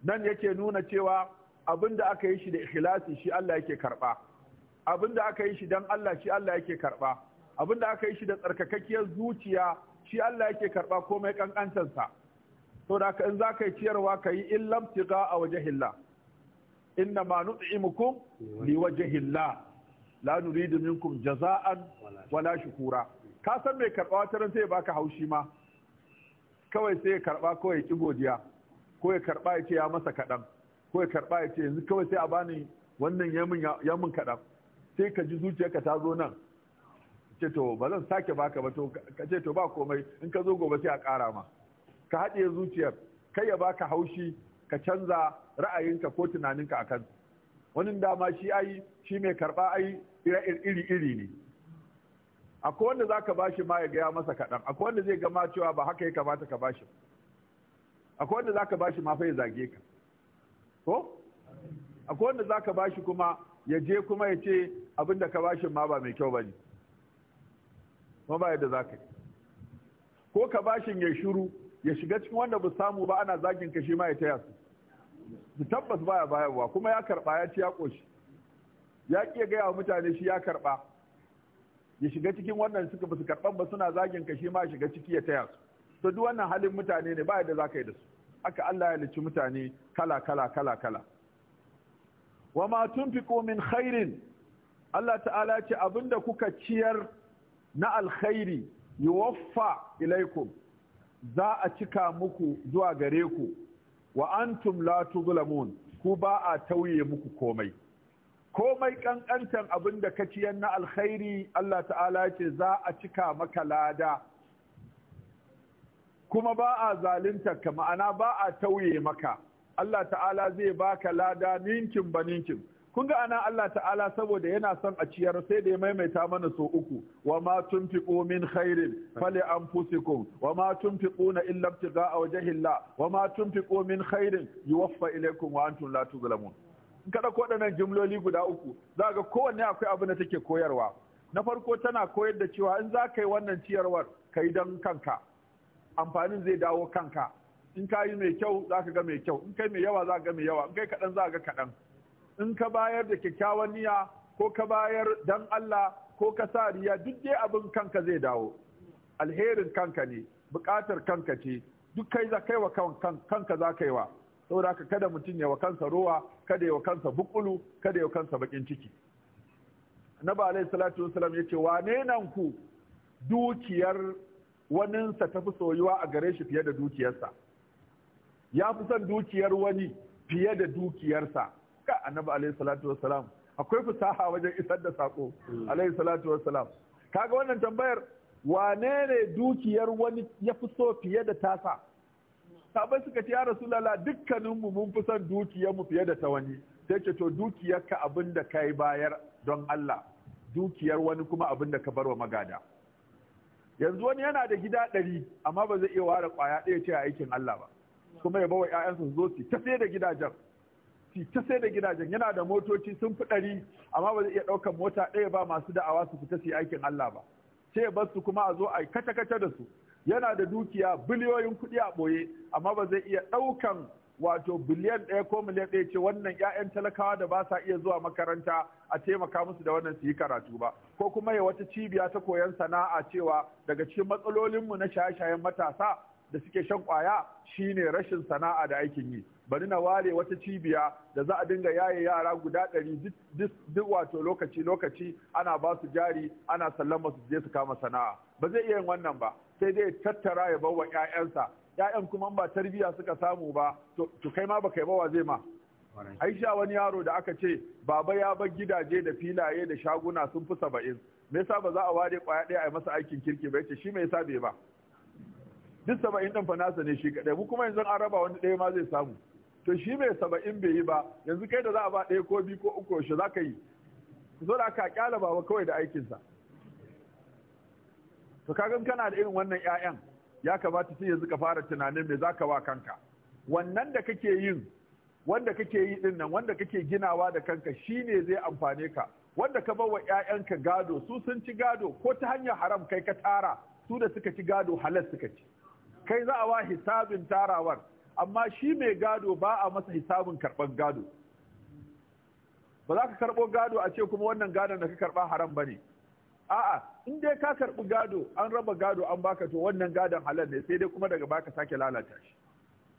nan yake nuna cewa abinda aka yi shi da ikhlasi shi Allah yake karba abinda aka yi shi dan Allah shi Allah yake karba abinda aka yi shi da tsarkakakkiyar zuciya shi Allah yake karba komai kankancansa sa da ka in zaka yi ciyarwa kayi illa butiga a wajahillah inna ma nut'imukum liwajhillah la nuridu minkum jaza'an wala shukura ka san mai karɓa wata ran sai ya baka haushi ma kawai sai ya karɓa kawai ya ki godiya ko ya karɓa ya ce ya masa kaɗan ko ya karɓa ya ce yanzu kawai sai a bani wannan ya min kaɗan sai ka ji zuciyarka ta zo nan ce to ba zan sake baka ba to ka ce to ba komai in ka zo gobe sai a ƙara ma ka haɗe zuciyar kai ya baka haushi ka canza ra'ayinka ko tunaninka akan wani dama shi ai shi mai karɓa ai iri iri ne akwai wanda za ka bashi ma ya gaya masa kaɗan akwai wanda zai gama cewa ba haka ya kamata ka bashi akwai wanda za ka bashi ma fa ya zage ka ko akwai wanda za ka bashi kuma ya je kuma ya ce abin da ka bashi ma ba mai kyau ba ne ma ba yadda za ka yi ko ka bashin ya shiru ya shiga cikin wanda ba samu ba ana zagin ka shi ma ya taya su su tabbas baya bayarwa kuma ya karba ya ci ya ƙoshi ya ƙi ya gaya wa mutane shi ya karba ya shiga cikin wannan suka basu karɓar ba suna zagin ka ma shiga ciki ya taya su to duk wannan halin mutane ne ba yadda za ka yi da su aka Allah ya lici mutane kala kala kala kala wa ma tunfiqu min khairin Allah ta'ala ce abinda kuka ciyar na alkhairi waffa ilaikum za a cika muku zuwa gare ku wa antum la tuzlamun ku ba a tauye muku komai komai kankantan abin da ka ciyar na alkhairi Allah ta'ala ce za a cika maka lada kuma ba a zalunta ka ma'ana ba a tauye maka Allah ta'ala zai baka lada ninkin ba ninkin kun ga ana Allah ta'ala saboda yana son a ciyar sai da ya maimaita mana so uku wa ma tunfiqu min khairin fali anfusikum wa ma tunfiquna illa ibtigha'a wajhillah wa ma tunfiqu min khairin yuwaffa ilaykum wa antum la tuzlamun kada ko waɗannan jumloli guda uku za ga kowanne akwai abin da take koyarwa na farko tana koyar da cewa in za ka yi wannan ciyarwar ka yi don kanka amfanin zai dawo kanka in ka yi mai kyau za ka ga mai kyau in kai mai yawa za ka ga mai yawa in kai kaɗan za ka ga kaɗan in ka bayar da kyakkyawan niyya ko ka bayar dan Allah ko ka sa riya duk dai abin kanka zai dawo alherin kanka ne buƙatar kanka ce duk kai za kai wa kanka za ka yi wa saboda haka kada mutum ya wa kansa rowa kada ya wa kansa bukulu kada ya wa kansa bakin ciki annabi alaihi salatu wasalam yace wane nan ku dukiyar waninsa ta fi soyuwa a gare shi fiye da dukiyarsa ya fi son dukiyar wani fiye da dukiyarsa ka annabi alaihi salatu wasalam akwai fusaha wajen isar da sako alaihi salatu wasalam kaga wannan tambayar wane ne dukiyar wani ya fi so fiye da tasa sabai suka ce ya rasu dukkanin mu mun fi son dukiyar mu fiye da ta wani sai ce to dukiyar ka abin da ka yi bayar don Allah dukiyar wani kuma abin da ka wa magada yanzu wani yana da gida ɗari amma ba zai iya ware ƙwaya ɗaya ce a aikin Allah ba kuma ya bawa ƴaƴansu su zo su ta sai da gidajen su ta sai da gidajen yana da motoci sun fi ɗari amma ba zai iya ɗaukar mota ɗaya ba masu da'awa su fita su aikin Allah ba sai ya su kuma a zo a kata kata da su yana da dukiya biliyoyin kuɗi a ɓoye amma ba zai iya ɗaukan wato biliyan ɗaya ko miliyan ɗaya ce wannan 'ya'yan talakawa da ba sa iya zuwa makaranta a taimaka musu da wannan su yi karatu ba ko kuma ya wata cibiya ta koyon sana'a cewa daga cikin matsalolinmu na shaye-shayen matasa da suke shan kwaya shine rashin sana'a da aikin yi bari na ware wata cibiya da za a dinga yaye yara guda ɗari duk wato lokaci lokaci ana ba su jari ana sallama su je su kama sana'a ba zai iya yin wannan ba sai dai tattara ya bawa ƴaƴansa ƴaƴan kuma ba tarbiya suka samu ba to kai ma baka yi bawa zai ma Aisha wani yaro da aka ce baba ya bar gidaje da filaye da shaguna sun fi saba'in me yasa ba za a ware kwaya ɗaya a masa aikin kirki ba yace shi me yasa bai ba duk saba'in din fa ne shi kaɗai mu kuma yanzu an raba wani ɗaya ma zai samu to shi me saba'in bai yi ba yanzu kai da za a ba ɗaya ko biyu ko uku yaushe za ka yi zo da aka kyala baba kawai da aikinsa to kaga kana da irin wannan 'ya'yan ya kamata sai yanzu ka fara tunanin me zaka wa kanka wannan da kake yin wanda kake yi din nan wanda kake ginawa da kanka shine zai amfane ka wanda ka bawa ƴaƴanka gado su sun ci gado ko ta hanyar haram kai ka tara su da suka ci gado halal suka ci kai za a wa hisabin tarawar amma shi mai gado ba a masa hisabin karɓar gado ba za ka karɓo gado a ce kuma wannan gadon da ka karɓa haram ba ne a'a in dai ka karɓi gado an raba gado an baka to wannan gadon halal ne sai dai kuma daga baka sake lalata shi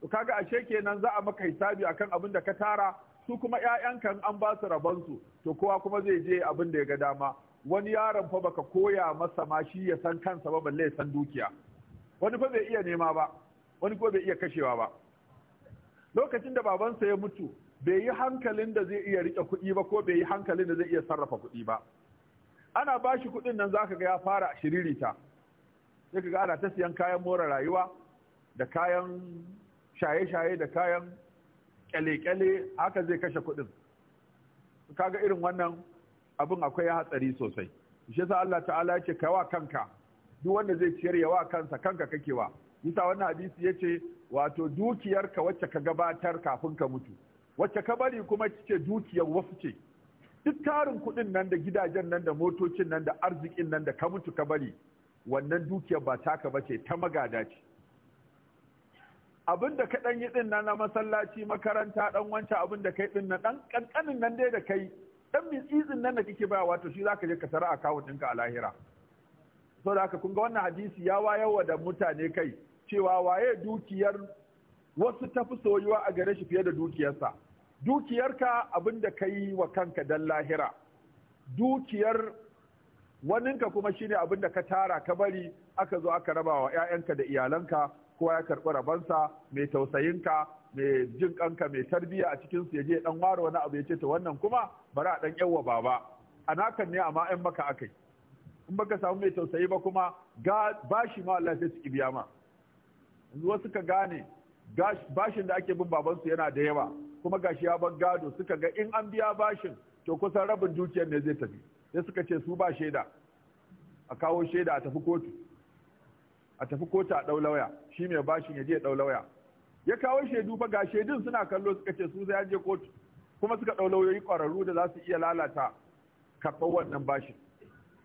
to kaga ashe kenan za a maka hisabi akan abin da ka tara su kuma ƴaƴanka an ba su rabon su to kowa kuma zai je abin da ya ga dama wani yaron fa baka koya masa ma shi ya san kansa ba balle ya san dukiya wani fa bai iya nema ba wani ko bai iya kashewa ba lokacin da babansa ya mutu bai yi hankalin da zai iya rike kuɗi ba ko bai yi hankalin da zai iya sarrafa kuɗi ba ana ba shi kuɗin nan zaka ga ya fara shiririta sai ga ana ta siyan kayan more rayuwa da kayan shaye-shaye da kayan kyale-kyale haka zai kashe kuɗin ga irin wannan abin akwai hatsari sosai shi sa Allah ta'ala yake kawa kanka duk wanda zai ciyar yawa kansa kanka kake wa yasa wannan hadisi ce, wato dukiyarka wacce ka gabatar kafin ka mutu wacce ka bari kuma ce dukiyar wasu ce duk tarin kuɗin nan da gidajen nan da motocin nan da arzikin nan da ka mutu ka bari wannan dukiyar ba taka ba ce ta magada ce abin da ka ɗan yi ɗin nan na masallaci makaranta ɗan wancan abin da kai ɗin na ɗan ƙanƙanin nan dai da kai ɗan izin nan da kike bayawa to shi za ka je ka tara akawun ɗinka a lahira saboda haka kun ga wannan hadisi ya wayarwa da mutane kai cewa waye dukiyar wasu tafi soyuwa a gare shi fiye da dukiyarsa dukiyarka abin da ka yi wa kanka don lahira dukiyar waninka kuma shine abin da ka tara ka bari aka zo aka raba wa 'ya'yanka da iyalanka ko ya karɓi rabansa mai tausayinka mai jin kanka mai tarbiyya a cikin su je dan ware wani abu ya ce ta wannan kuma bari a dan yawa baba a nakan ne amma in maka akai in baka samu mai tausayi ba kuma ga bashi ma Allah sai su biya ma wasu ka gane bashin da ake bin babansu yana da yawa kuma gashi ya bar gado suka ga in an biya bashin to kusan rabin dukiyar ne zai tafi sai suka ce su ba shaida a kawo shaida a tafi kotu a tafi kotu a ɗau lauya shi mai bashin ya je ɗau lauya ya kawo shaidu fa ga shaidun suna kallo suka ce su sai an je kotu kuma suka ɗau lauyoyi ƙwararru da za su iya lalata karɓar wannan bashin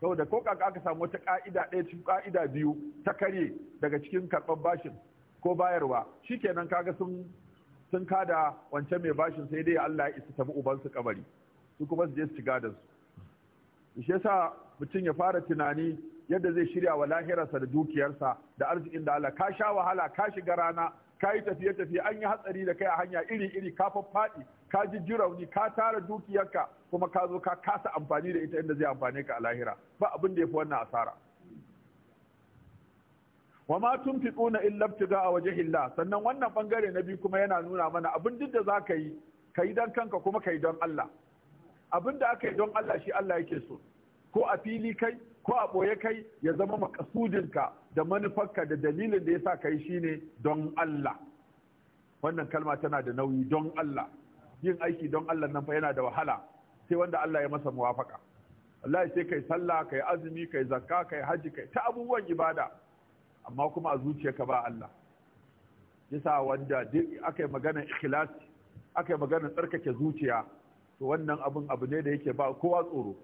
saboda ko kaka aka samu wata ka'ida ɗaya cikin ka'ida biyu ta karye daga cikin karɓar bashin ko bayarwa shikenan kaga sun sun kada wancan mai bashin sai dai Allah ya isa tafi ubansu kabari su kuma su je su ci gadon su shi yasa mutum ya fara tunani yadda zai shirya wa lahirarsa da dukiyarsa da arzikin da Allah ka sha wahala ka shiga rana ka yi tafiye tafiye an yi hatsari da kai a hanya iri iri ka faffaɗi ka ji jirauni ka tara dukiyarka kuma ka zo ka kasa amfani da ita inda zai amfane ka a lahira ba abin da ya fi wannan asara wa ma tunfiquna illa ibtiga wajhillah sannan wannan bangare na biyu kuma yana nuna mana abin duk da zaka yi kai dan kanka kuma kai don Allah abin da aka yi don Allah shi Allah yake so ko a fili kai ko a boye kai ya zama makasudinka da manufarka da dalilin da ya sa ka shine don Allah wannan kalma tana da nauyi don Allah yin aiki don Allah nan fa yana da wahala sai wanda Allah ya masa muwafaka Allah sai kai sallah kai azumi kai zakka kai haji kai ta abubuwan ibada amma kuma a ka ba Allah yasa wanda duk aka yi magana ikhlas aka yi magana tsarkake zuciya to wannan abun abu ne da yake ba kowa tsoro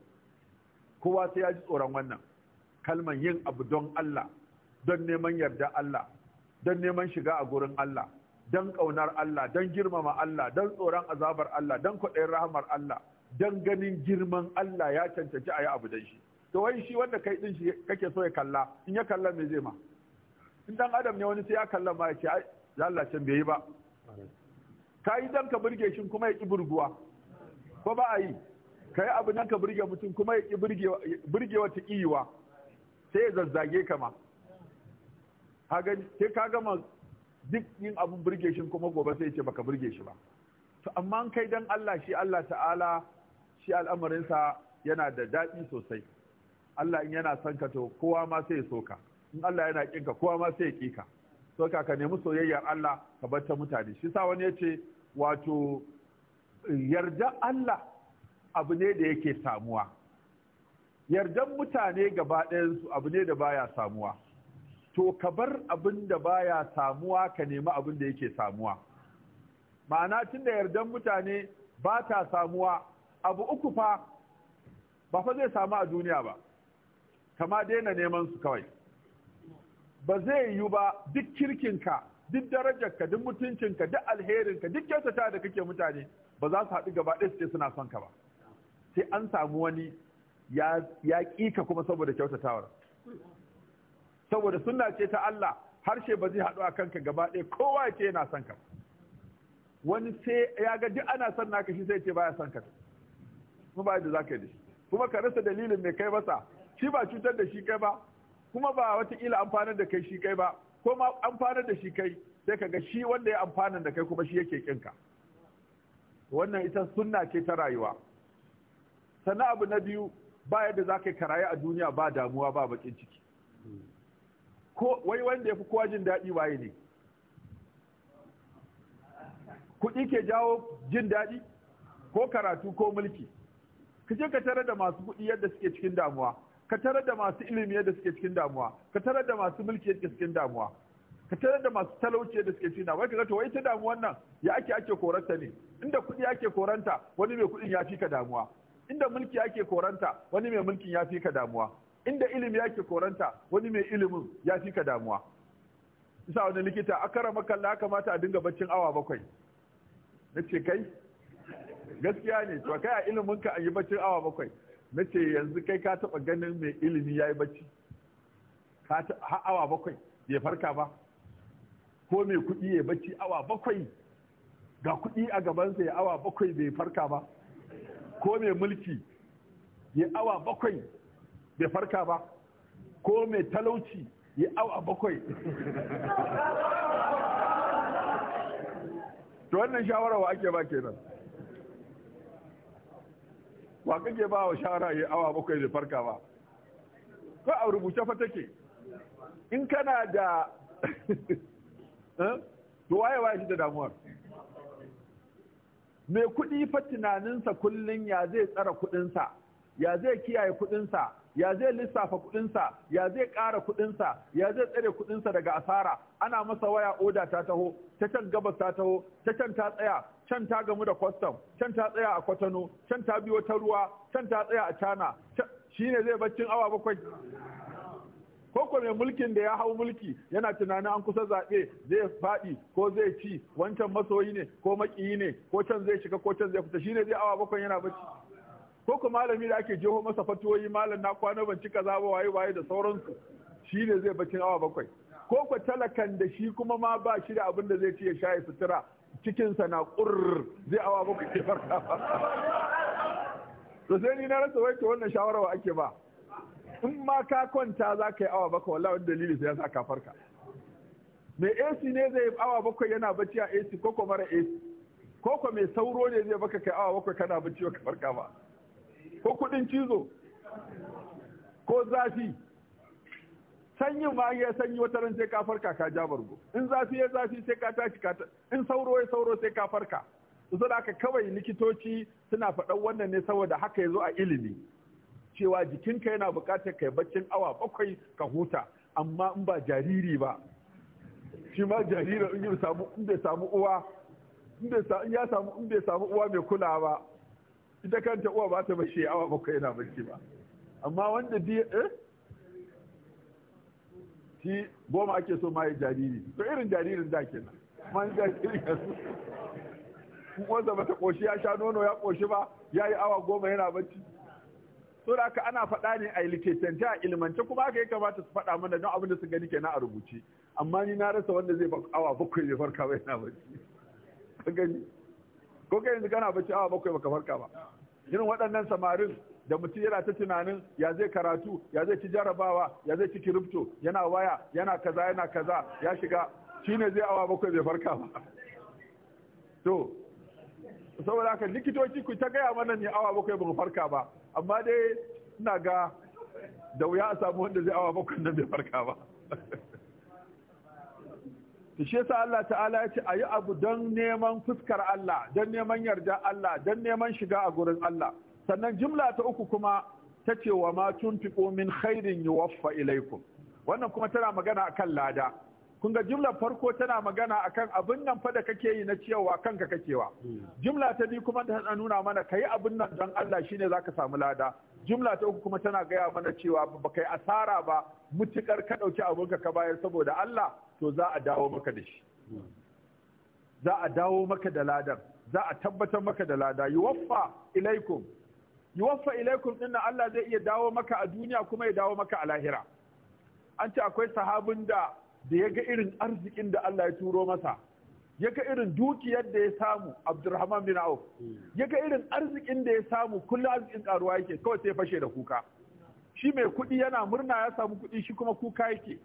kowa sai ya ji tsoron wannan kalman yin abu don Allah don neman yarda Allah don neman shiga a gurin Allah don ƙaunar Allah don girmama Allah don tsoron azabar Allah don kwaɗayin rahamar Allah don ganin girman Allah ya cancanci a yi abu don shi to wai shi wanda kai din shi kake so ya kalla in ya kalla me zai ma in dan adam ne wani sai ya kalla ma ya ce ai can bai yi ba ka yi dan ka burge shi kuma ya ki burguwa ko ba a yi ka yi abu nan ka burge mutum kuma ya ki burge wata iyiwa sai ya zazzage ka ma sai ka gama duk yin abun burge shi kuma gobe sai ya ce baka burge shi ba to amma kai dan Allah shi Allah ta'ala shi al'amarinsa yana da daɗi sosai Allah in yana son ka to kowa ma sai ya so ka in Allah yana kinka kowa ma sai ya kika so ka ka nemi soyayyar Allah ka bar ta mutane shi sa wani yace wato yarda Allah abu ne da yake samuwa yardan mutane gaba ɗayansu abu ne da baya samuwa to ka bar abin da baya samuwa ka nemi abin da yake samuwa ma'ana tunda yardan mutane ba ta samuwa abu uku fa ba fa zai samu a duniya ba kama daina neman su kawai ba zai yiwu ba duk kirkinka duk darajarka duk mutuncinka duk alherinka duk kyautata da kake mutane ba za su haɗu gaba ɗaya su ce suna son ka ba sai an samu wani ya ƙi ka kuma saboda kyautatawar saboda sunna ce ta Allah harshe ba zai haɗu a kanka gaba ɗaya kowa ya ce yana son ka wani sai ya ga duk ana son naka shi sai ce baya son ka kuma ba da ka yi kuma ka rasa dalilin mai kai masa shi ba cutar da shi kai ba kuma ba watakila amfanar da kai shi kai ba ko ma amfanar da shi kai sai ka ga shi wanda ya amfanar da kai kuma shi yake kinka wannan ita sunna ce ta rayuwa sannan abu na biyu ba yadda za ka yi karaya a duniya ba damuwa ba bakin ciki ko wai wanda ya fi kowa jin daɗi waye ne kuɗi ke jawo jin daɗi ko karatu ko mulki ka ka tare da masu kuɗi yadda suke cikin damuwa ka tarar da masu ilimi da suke cikin damuwa ka tarar da masu mulki suke cikin damuwa ka tarar da masu talauci da suke cikin damuwa kaga to wai ta damu nan ya ake ake koranta ne inda kuɗi ake koranta wani mai kuɗin ya fi ka damuwa inda mulki ake koranta wani mai mulkin ya fi ka damuwa inda ilimi yake koranta wani mai ilimin ya fi ka damuwa isa wani likita a kara makalla ya kamata a dinga baccin awa bakwai na ce kai gaskiya ne to kai a ilimin ka a yi baccin awa bakwai na ce yanzu kai ka taɓa ganin mai ilimi ya yi bacci ha awa bakwai ya farka ba ko mai kuɗi ya bacci awa bakwai ga kuɗi a gabansa ya awa bakwai bai farka ba ko mai mulki ya awa bakwai bai farka ba ko mai talauci ya awa bakwai to wannan shawara wa ake ba kenan wa kake ba wa shawara ya awa bakwai da farka ba ko a rubuce fa take in kana da eh? to waye waye shi da damuwar mai kuɗi fa tunaninsa kullum ya zai tsara kuɗinsa ya zai kiyaye kuɗinsa ya zai lissafa kuɗinsa ya zai ƙara kuɗinsa ya zai tsare kuɗinsa daga asara ana masa waya oda ta taho ta can gabas ta taho ta can ta tsaya can ta gamu da kwastam can ta tsaya a kwatano can ta biyo ta ruwa can ta tsaya a cana shi ne zai baccin awa bakwai ko ko mai mulkin da ya hau mulki yana tunanin an kusa zaɓe zai faɗi ko zai ci wancan masoyi ne ko maƙiyi ne ko can zai shiga ko can zai fita shi ne zai awa bakwai yana bacci ko ko malami da ake jeho masa fatuwoyi malam na kwana ban cika zaba waye waye da sauransu shi ne zai baccin awa bakwai ko ko talakan da shi kuma ma ba shi da abin da zai ci ya sha ya sutura cikinsa na ƙurr zai awa muku ke farka ba to sai ni na rasa wai to wannan shawara wa ake ba in ma ka kwanta za ka yi awa baka wallahi wani dalili sai ya sa ka farka mai AC ne zai awa bakwai yana bacci a AC ko ko mara AC ko ko mai sauro ne zai baka kai awa bakwai kana bacci ka farka ba ko kudin cizo ko zafi sanyin ma ya sanyi wata ran sai ka farka ka ja bargo in zafi ya zafi sai ka tashi ka in sauro ya sauro sai ka farka su da aka kawai likitoci suna faɗan wannan ne saboda haka ya zo a ilimi cewa jikinka yana buƙatar kai baccin awa bakwai ka huta amma in ba jariri ba shi ma jariri in samu in bai samu uwa in ya samu in bai samu uwa mai kula ba ita kanta uwa ba ta bashi awa bakwai yana bacci ba amma wanda eh shi goma ake so ma ya jariri to irin jaririn da nan man jariri ka su wanda bata koshi ya sha nono ya koshi ba ya yi awa goma yana bacci so da ana faɗa ne a likitance a ilmance kuma aka yi kamata su faɗa mana don abin da su gani kenan a rubuce amma ni na rasa wanda zai awa bakwai bai farka ba yana bacci ka gani ko kai yanzu kana bacci awa bakwai baka farka ba irin waɗannan samarin da mutum yana ta tunanin ya zai karatu ya zai ci jarabawa ya zai ci kiripto yana waya yana kaza yana kaza ya shiga shine zai awa bakwai bai farka ba to saboda haka likitoci ku ta gaya mana ne awa bakwai ba farka ba amma dai ina ga da wuya a samu wanda zai awa bakwai nan bai farka ba to shi yasa Allah ta'ala ya ce a yi abu don neman fuskar Allah don neman yarda Allah don neman shiga a gurin Allah sannan jumla ta uku kuma ta ce wa ma fiko min khairin waffa ilaikum wannan kuma tana magana akan lada kun ga jumlar farko tana magana akan abin nan fa da kake yi na ciyawa kanka kakewa hmm. jumla ta biyu kuma ta nuna mana ka yi abin nan don Allah shine zaka samu lada jumla ta uku kuma tana gaya mana cewa ba kai asara ba mutukar ka ɗauki abinka ka bayar saboda Allah to za a dawo maka da shi hmm. za a dawo maka da ladan za a tabbatar maka da lada yuwaffa ilaikum yuwaffa ilaikum dinnan Allah zai iya dawo maka a duniya kuma ya dawo maka a lahira an ce akwai sahabin da da ya ga irin arzikin da Allah ya turo masa ya ga irin dukiyar da ya samu Abdurrahman bin Auf ya ga irin arzikin da ya samu kullum arzikin karuwa yake kawai sai fashe da kuka shi mai kuɗi yana murna ya samu kuɗi shi kuma kuka yake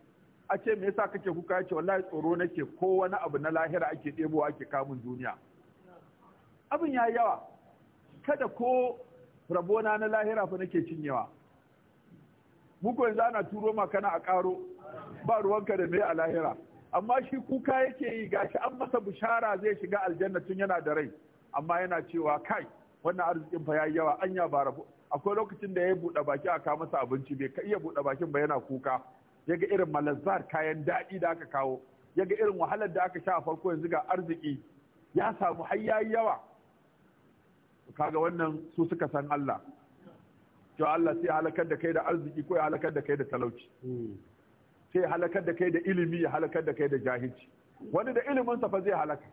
a ce me yasa kake kuka yake wallahi tsoro nake ko wani abu na lahira ake ɗebowa ake kamun duniya abin ya yawa kada ko rabona na lahira fa nake cinyewa muku yanzu ana turo makana a karo ba ruwanka da mai a lahira amma shi kuka yake yi gashi an masa bushara zai shiga aljanna tun yana da rai amma yana cewa kai wannan arzikin fa yayi yawa anya ba rabu akwai lokacin da ya buɗe baki aka masa abinci bai ka iya buɗe bakin ba yana kuka yaga irin malazzar kayan daɗi da aka kawo yaga irin wahalar da aka sha a farko yanzu ga arziki ya samu har yayi yawa kaga wannan su suka san Allah to Allah sai halakar da kai da arziki ko ya halakar da kai da talauci hmm. sai halakar da kai da ilimi ya halakar da kai da jahilci wani da ilimin sa fa zai halaka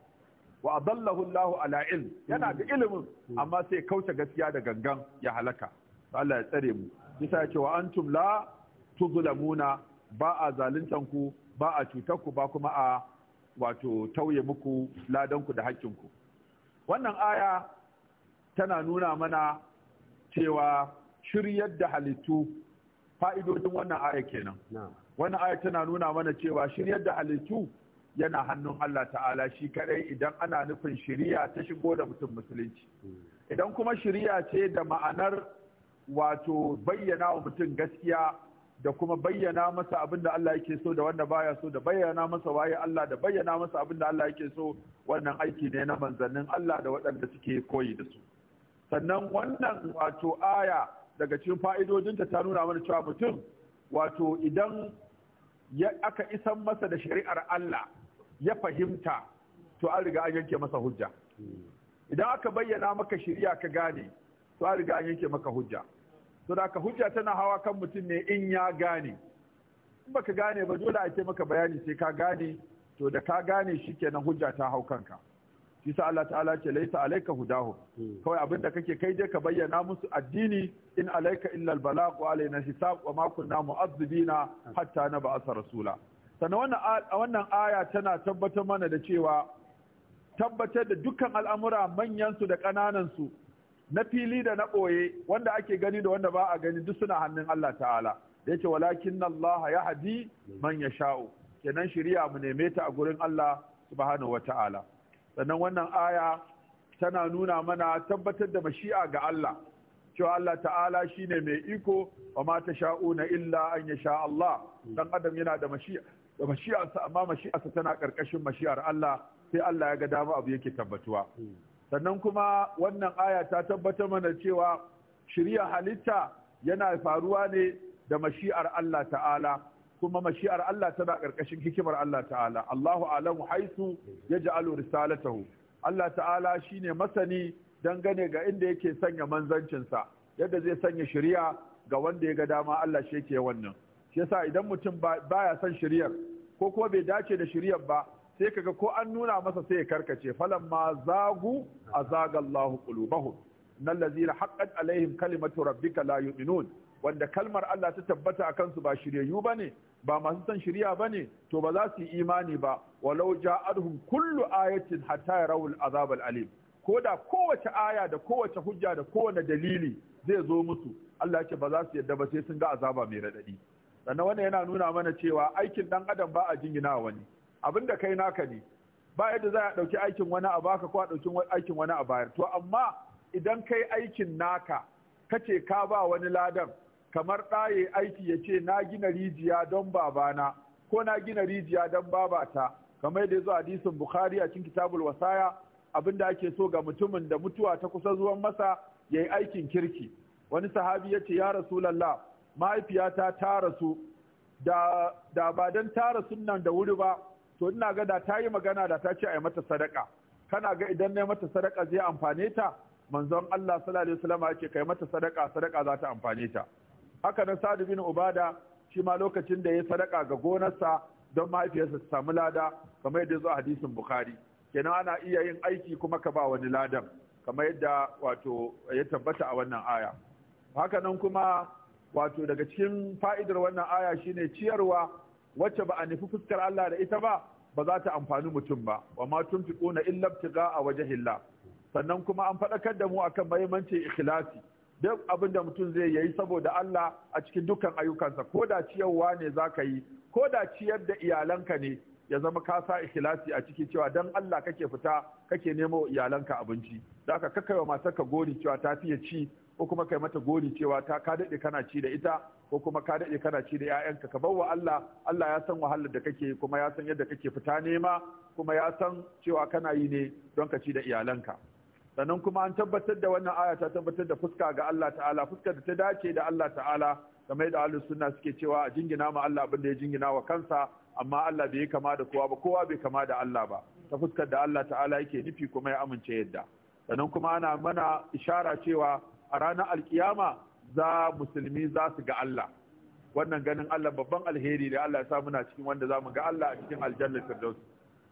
wa adallahu Allah ala ilm yana da ilimin hmm. amma sai kauce gaskiya da gangan ya halaka to Allah ya tsare mu yasa ya ce wa antum la tuzlamuna ba a zaluntan ku ba a cutar ku ba kuma a wato tauye muku ladan da hakkin ku wannan aya tana nuna mana cewa shiryar da halittu fa'idodin wannan aya kenan wannan aya tana nuna mana cewa shiryar da halittu yana hannun Allah ta'ala shi kadai idan ana nufin shirya ta shigo da mutum musulunci hmm. idan kuma shirya ce da ma'anar wato bayyana wa mutum gaskiya da kuma bayyana masa abin da Allah yake so da wanda baya so da bayyana masa waye Allah da bayyana masa abin da Allah yake so wannan aiki ne na manzannin Allah da waɗanda suke koyi da su sannan wannan wato aya daga cikin fa'idodinta ta nuna mana cewa mutum wato idan ya aka isan masa da shari'ar Allah ya fahimta to an riga an yanke masa hujja idan aka bayyana maka shari'a ka gane to an riga an yanke maka hujja to da ka hujja tana hawa kan mutum ne in ya gane in baka gane ba dole a ce maka bayani sai ka gane to da ka gane shi kenan hujja ta hau kanka yasa Allah ta'ala ce laisa alayka hudahu hmm. kawai abinda kake kai je ka bayyana musu addini in alaika illa albalaq wa alayna hisab wa ma kunna mu'azzibina hatta nab'atha rasula sannan wannan wannan aya tana tabbatar mana da cewa tabbatar da dukkan al'amura manyan su da kananan su na fili da na boye wanda ake gani da wanda ba a gani duk suna hannun Allah ta'ala da yake walakin Allah ya hadi man yasha'u kenan shari'a mu neme ta a gurin Allah subhanahu wa ta'ala sannan wannan aya tana nuna mana tabbatar da mashi'a ga Allah cewa Allah ta'ala shine mai iko wa ma tasha'una illa an yasha Allah dan adam yana da mashi'a da mashi'arsa amma mashi'arsa tana karkashin mashi'ar Allah sai Allah ya ga dama abu yake tabbatuwa sannan kuma wannan aya ta tabbatar mana cewa shari'a halitta yana faruwa ne da mashi'ar Allah ta'ala kuma mashi'ar Allah tana ƙarƙashin hikimar Allah ta'ala Allahu alamu haisu ya alo risalatahu Allah ta'ala shine masani dangane ga inda yake sanya manzancinsa yadda zai sanya shari'a ga wanda ya ga dama Allah shi yake wannan shi yasa idan mutum baya son shari'ar ko kuma bai dace da shari'ar ba sai kaga ko an nuna masa sai ya karkace ma zagu azaga Allahu qulubahum nan lazina haqqat alaihim kalimatu rabbika la yu'minun wanda kalmar Allah ta tabbata a kansu ba shiryayyu ba ne ba masu san shirya ba ne to ba za su yi imani ba walau ja'adhum kullu ayatin hatta yarawul azab al-alim ko da kowace aya da kowace hujja da kowane dalili zai zo musu Allah yake ce ba za su yadda ba sai sun ga azaba mai radadi sannan wannan yana nuna mana cewa aikin dan adam ba a jingina wani abinda kai naka ne ba yadda za a dauki aikin wani a baka ko a dauki aikin wani a bayar to amma idan kai aikin naka kace ka ba wani ladan kamar ɗaye aiki ya ce na gina rijiya don babana ko na gina rijiya don babata kamar yadda zuwa hadisin bukhari a cikin kitabul wasaya abin da ake so ga mutumin da mutuwa ta kusa zuwan masa ya yi aikin kirki wani sahabi ya ce ya rasu rasulallah mahaifiyata ta rasu da, ba don ta rasu nan da wuri ba to ina ga da ta yi magana da ta ce a yi mata sadaka kana ga idan na yi mata sadaka zai amfane ta manzon Allah sallallahu alaihi wasallam ya ce kai mata sadaka sadaka za ta amfane ta haka nan sadu bin ubada shi ma lokacin da ya sadaka ga gonarsa don mahaifiyarsa ta samu lada kamar yadda zuwa hadisin bukhari kenan ana iya yin aiki kuma ka ba wani ladan kamar yadda wato ya tabbata a wannan aya haka nan kuma wato daga cikin fa'idar wannan aya shine ciyarwa wacce ba a nufi fuskar Allah da ita ba ba za ta amfani mutum ba wa ma tunfiquna illa ibtiga a wajhillah sannan kuma an faɗakar da mu akan mahimmancin ikhlasi duk abin da mutum zai yayi saboda Allah a cikin dukkan ayyukansa ko da ciyarwa ne za ka yi ko da ciyar da iyalanka ne ya zama ka sa a ciki cewa dan Allah kake fita kake nemo iyalanka abinci da ka mata matarka gori cewa ta fiye ci ko kuma kai mata gori cewa ta ka daɗe kana ci da ita ko kuma ka daɗe kana ci da 'ya'yanka ka wa Allah Allah ya san wahalar da kake kuma ya san yadda kake fita nema kuma ya san cewa kana yi ne don ka ci da iyalanka sannan kuma an tabbatar da wannan aya ta tabbatar da fuska ga Allah ta'ala fuska da ta dace da Allah ta'ala kamar da ahlus sunna suke cewa a jingina ma Allah abinda ya jingina wa kansa amma Allah bai kama da kowa ba kowa bai kama da Allah ba ta fuskar da Allah ta'ala yake nufi kuma ya amince yadda sannan kuma ana mana ishara cewa a ranar alkiyama za musulmi za su ga Allah wannan ganin Allah babban alheri da Allah ya sa muna cikin wanda za mu ga Allah a cikin aljannar firdausi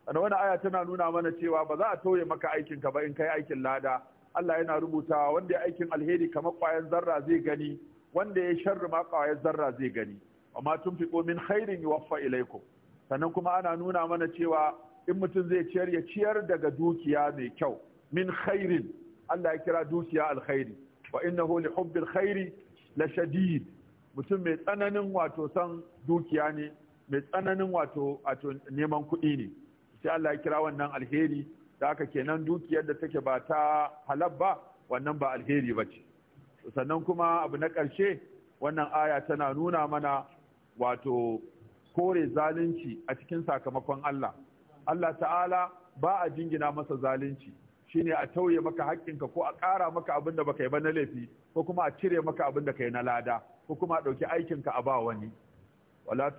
ana wani aya tana nuna mana cewa ba za a tauye maka aikin ka ba in kai aikin lada Allah yana rubuta wanda ya aikin alheri kamar kwayan zarra zai gani wanda ya sharri ma ƙwayar zarra zai gani amma tunfiqo min khairin yuwaffa ilaikum sannan kuma ana nuna mana cewa in mutum zai ciyar ya ciyar daga dukiya mai kyau min khairin Allah ya kira dukiya alkhairi wa innahu li hubbil khairi la shadid mutum mai tsananin wato san dukiya ne mai tsananin wato neman kuɗi ne sai Allah ya kira wannan alheri da haka kenan dukiyar da take ba ta halab ba wannan ba alheri ba ce sannan kuma abu na ƙarshe wannan aya tana nuna mana wato kore zalunci a cikin sakamakon Allah Allah ta'ala ba a jingina masa zalunci shine a tauye maka haƙƙinka ko a ƙara maka abin da baka yi ba na laifi ko kuma a cire maka abin da ka yi na lada ko kuma a ɗauki aikinka a ba wani wala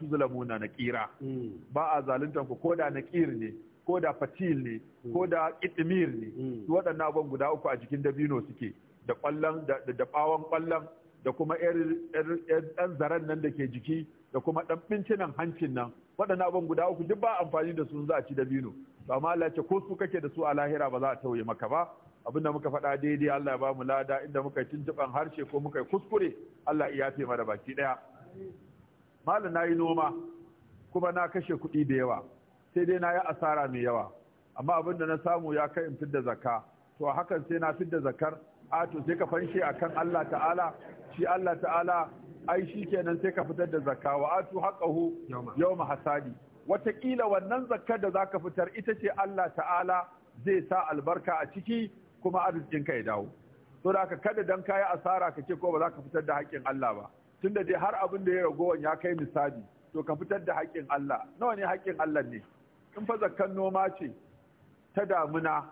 na nakira hmm. ba a zaluntan ku ko koda naqir ne koda fatil ne hmm. koda kitmir ne hmm. waɗannan abin guda uku a jikin dabino suke da kwallon da bawon kwallon da kuma ɗan zaren nan da ke jiki da kuma ɗan ɓincinan hancin nan waɗannan abin guda uku duk ba amfani da su za a ci dabino to amma Allah ce ko su kake da su a lahira ba za a tauye maka ba Abin da muka faɗa daidai Allah ya ba mu lada inda muka yi tuntuɓan harshe ko muka yi kuskure Allah ya yafe mana baki ɗaya malam na yi noma kuma na kashe kuɗi da yawa sai dai na yi asara mai yawa amma abin da na samu ya kai in fidda zakka to hakan sai na fidda zakar a to sai ka fanshe kan Allah ta'ala shi Allah ta'ala ai shi kenan sai ka fitar da zakka wa a to haqqahu yawma hasadi watakila wannan zakkar da zaka fitar ita ce Allah ta'ala zai sa albarka a ciki kuma arzikin ka ya dawo to da kada dan kayi asara ka ce, ko ba za ka fitar da haƙƙin Allah ba tun da dai har abin da ya ragowar ya kai misali to ka fitar da haƙƙin Allah nawa ne haƙƙin Allah ne in fa zakkan noma ce ta damuna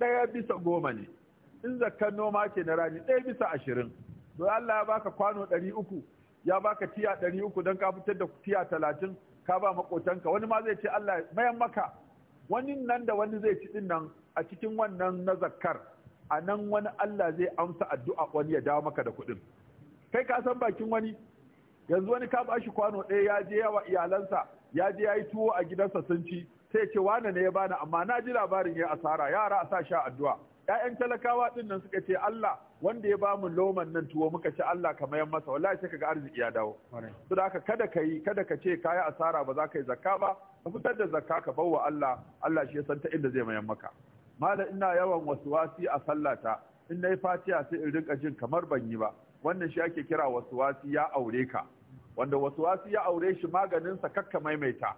ɗaya bisa goma ne in zakkan noma ce na rani ɗaya bisa ashirin to Allah ya baka kwano ɗari uku ya baka tiya ɗari uku don ka fitar da tiya talatin ka ba maƙotanka wani ma zai ce Allah mayan maka wani nan da wani zai ci nan a cikin wannan na zakkar a nan wani Allah zai amsa addu'a wani ya dawo maka da kuɗin. kai ka san bakin wani yanzu wani ka bashi kwano ɗaya ya je yawa iyalansa ya je ya yi tuwo a gidansa sun ci sai ce wane ne ya bani amma na ji labarin ya asara yara a sa sha addu'a ƴaƴan talakawa ɗin nan suka ce Allah wanda ya ba mu loman nan tuwo muka ci Allah ka mayan masa wallahi sai kaga arziki ya dawo to da haka kada ka yi kada ka ce kayi asara ba za ka yi zakka ba ka fitar da zakka ka bar wa Allah Allah shi ya san ta inda zai mayan maka mala ina yawan wasu wasi a sallata in nayi fatiya sai in rinka jin kamar ban yi ba wannan shi ake kira wasuwasi ya aure ka wanda wasuwasi ya aure shi maganinsa kakka maimaita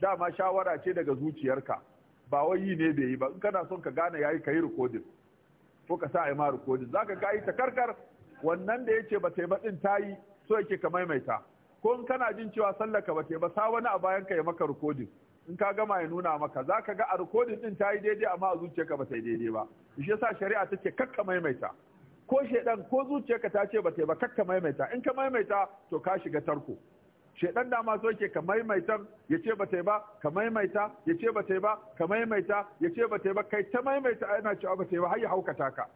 dama shawara ce daga zuciyarka ba wai yi ne bai yi ba in kana son ka gane yayi ka yi rikodin ko ka sa a yi ma rikodin za ka ta karkar wannan da ya ce ba ta ta yi so yake ka maimaita ko in kana jin cewa sallaka ba ta yi ba sa wani a bayan ka ya maka rikodin in ka gama ya nuna maka za ka ga a rikodin ɗin ta yi daidai amma a zuciyarka ba ta yi daidai ba shi yasa shari'a take kakka maimaita ko shaidan ko zuciyarka ta ce ba ta ba kakka maimaita in ka maimaita to ka shiga tarko shaidan dama so yake ka maimaitan ya ce ba ta ba ka maimaita ya ce ba ta ba ka maimaita ya ce ba ta ba kai ta maimaita ana cewa ba ta ba har ya haukata ka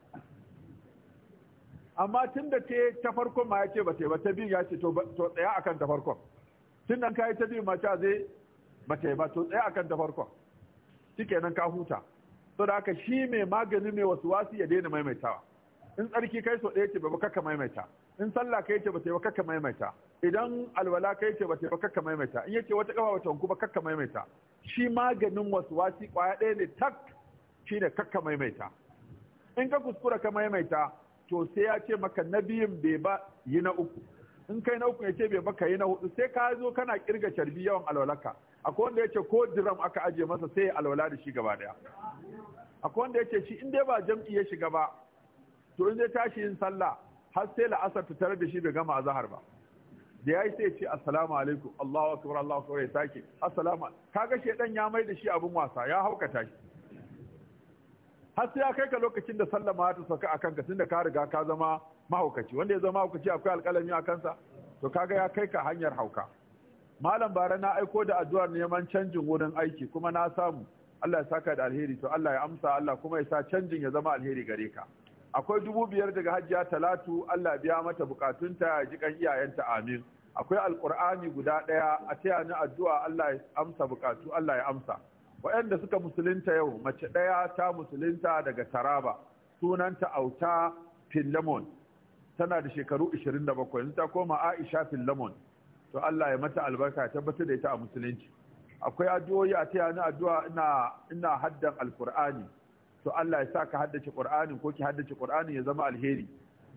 amma tun da ke ta farkon ma ya ce ba ta ba ta biyu ya ce to tsaya akan ta farkon tun da ka yi ta biyu ma ta zai ba ta ba to tsaya akan ta farkon shikenan ka huta to da haka shi mai magani mai wasu wasu ya daina maimaitawa in tsarki kai so ɗaya ce ba kakka maimaita in sallah kai ce ba ce ba kakka maimaita idan alwala kai ce ba ce ba kakka maimaita in yace wata kafa wata ba kakka maimaita shi maganin wasu wasi kwaya ɗaya ne tak ne kakka maimaita in ka kuskura ka maimaita to sai ya ce maka na biyun bai ba yi na uku in kai na uku ya ce bai baka yi na hudu sai ka zo kana kirga carbi yawan alwalaka akwai wanda ya ce ko diram aka ajiye masa sai ya alwala da shi gaba daya akwai wanda ya ce shi in dai ba jam'i ya shiga ba to in zai tashi yin sallah har sai la'asar tare da shi bai gama azahar ba da ya yi sai ce assalamu alaikum Allahu akbar Allahu akbar ya sake assalamu ga shedan ya mai da shi abun wasa ya haukata shi har sai ya kai ka lokacin da Sallah ma ta saka akan tun da ka riga ka zama mahaukaci wanda ya zama mahaukaci akwai alƙalami a kansa to kaga ya kai ka hanyar hauka malam bara na aiko da addu'ar neman canjin wurin aiki kuma na samu Allah ya saka da alheri to Allah ya amsa Allah kuma ya sa canjin ya zama alheri gare ka akwai dubu biyar daga hajiya talatu Allah biya mata bukatunta ya jikan iyayenta amin akwai alkur'ani guda ɗaya a taya ni addu'a Allah ya amsa bukatu Allah ya amsa waɗanda suka musulunta yau mace ɗaya ta musulunta daga taraba sunanta auta fillamon tana da shekaru 27 ta koma aisha fillamon to Allah ya mata albarka ya tabbatar da ita a musulunci akwai addu'o'i a taya ni addu'a ina ina haddan alkur'ani to Allah ya sa ka haddace Qur'ani ko ki haddace Qur'ani ya zama alheri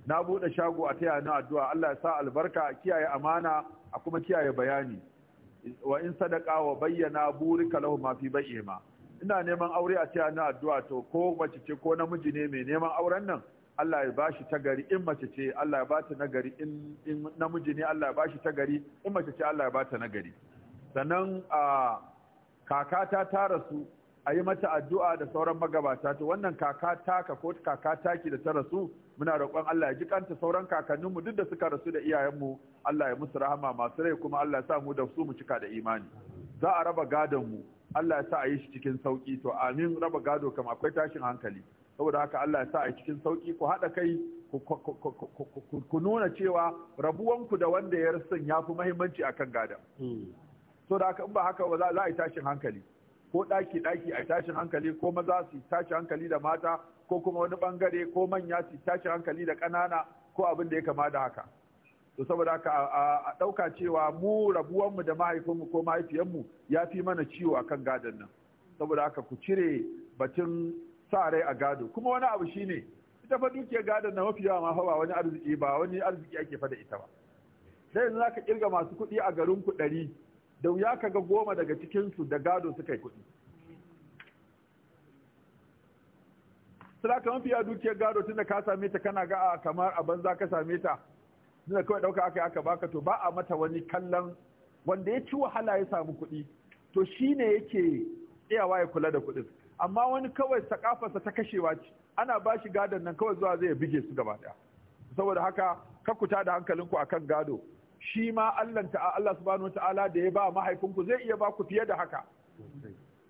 na bude shago a taya na addu'a Allah ya sa albarka kiyaye amana a kuma kiyaye bayani wa in sadaka wa bayyana burika lahu ma fi bayyima ina neman aure a taya na addu'a to ko mace ce ko namiji ne mai neman auren nan Allah ya bashi ta gari in mace ce Allah ya bata na gari in namiji ne Allah ya bashi ta gari in mace ce Allah ya bata na gari sannan a ah, kakata ta rasu a yi mata addu'a da sauran magabata to wannan kaka taka ko kaka taki da ta rasu muna roƙon Allah ya ji kanta sauran kakanninmu duk da suka rasu da iyayenmu Allah ya musu rahama masu rai kuma Allah ya sa mu da su mu cika da imani za a raba gadon mu Allah ya sa a yi shi cikin sauki to amin raba gado kam akwai tashin hankali saboda haka Allah ya sa a yi cikin sauki ku haɗa kai ku nuna cewa rabuwanku da wanda ya rasu ya fi muhimmanci akan gadon. Hmm. So da haka in ba haka ba za a yi tashin hankali. ko ɗaki ɗaki a tashin hankali ko maza su tashin hankali da mata ko kuma wani bangare ko manya su tashin hankali da ƙanana ko abin da ya kama da haka to saboda haka a ɗauka cewa mu rabuwanmu da mahaifinmu ko mahaifiyanmu ya fi mana ciwo a kan gadon nan saboda haka ku cire batun sa rai a gado kuma wani abu shine ita fa dukiyar gadon na mafi yawa ma fa ba wani arziki ba wani arziki ake fada ita ba sai yanzu ka kirga masu kuɗi a garin ku ɗari da wuya ka ga goma daga cikinsu da gado suka yi kuɗi sira mafi dukiyar gado tun da ka same ta kana ga kamar a banza ka same ta tun da kawai ɗauka aka yi aka baka to ba a mata wani kallon wanda ya ci wahala ya samu kuɗi to shi ne yake iyawa ya kula da kuɗi? amma wani kawai sakafarsa ta kashewa ce ana ba shi gadon nan kawai zuwa zai bige su gaba ɗaya saboda haka kakuta da hankalinku akan gado shi ma Allah ta Allah subhanahu wataala da ya ba mahaifinku zai iya ba ku fiye da haka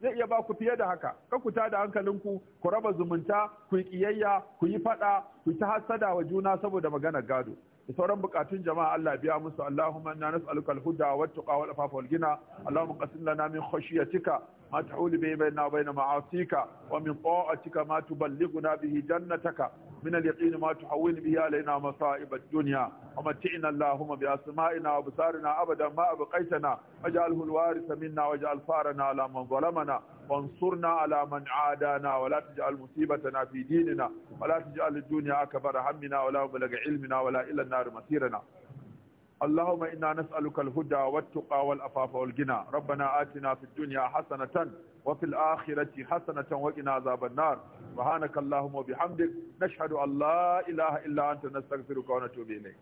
zai iya ba ku fiye da haka ka ku da hankalinku ku raba zumunta ku yi kiyayya ku yi fada ku ta hasada wa juna saboda maganar gado da sauran bukatun jama'a Allah biya musu Allahumma inna nas'aluka al-huda wa at-tuqa wa al-afafa wal ghina Allahumma qasim lana min khashyatika ma tahulu bihi bainana wa bain ma'asika wa min ta'atika ma tuballighuna bihi jannataka من اليقين ما تحول به علينا مصائب الدنيا ومتعنا اللهم بأسمائنا وبصارنا أبدا ما أبقيتنا واجعله الوارث منا واجعل فارنا على من ظلمنا وانصرنا على من عادانا ولا تجعل مصيبتنا في ديننا ولا تجعل الدنيا أكبر همنا ولا مبلغ علمنا ولا إلى النار مسيرنا اللهم إنا نسألك الهدى والتقى والأفاف والغنى ربنا آتنا في الدنيا حسنة وفي الآخرة حسنة وقنا عذاب النار سبحانك اللهم وبحمدك نشهد أن لا إله إلا أنت نستغفرك ونتوب إليك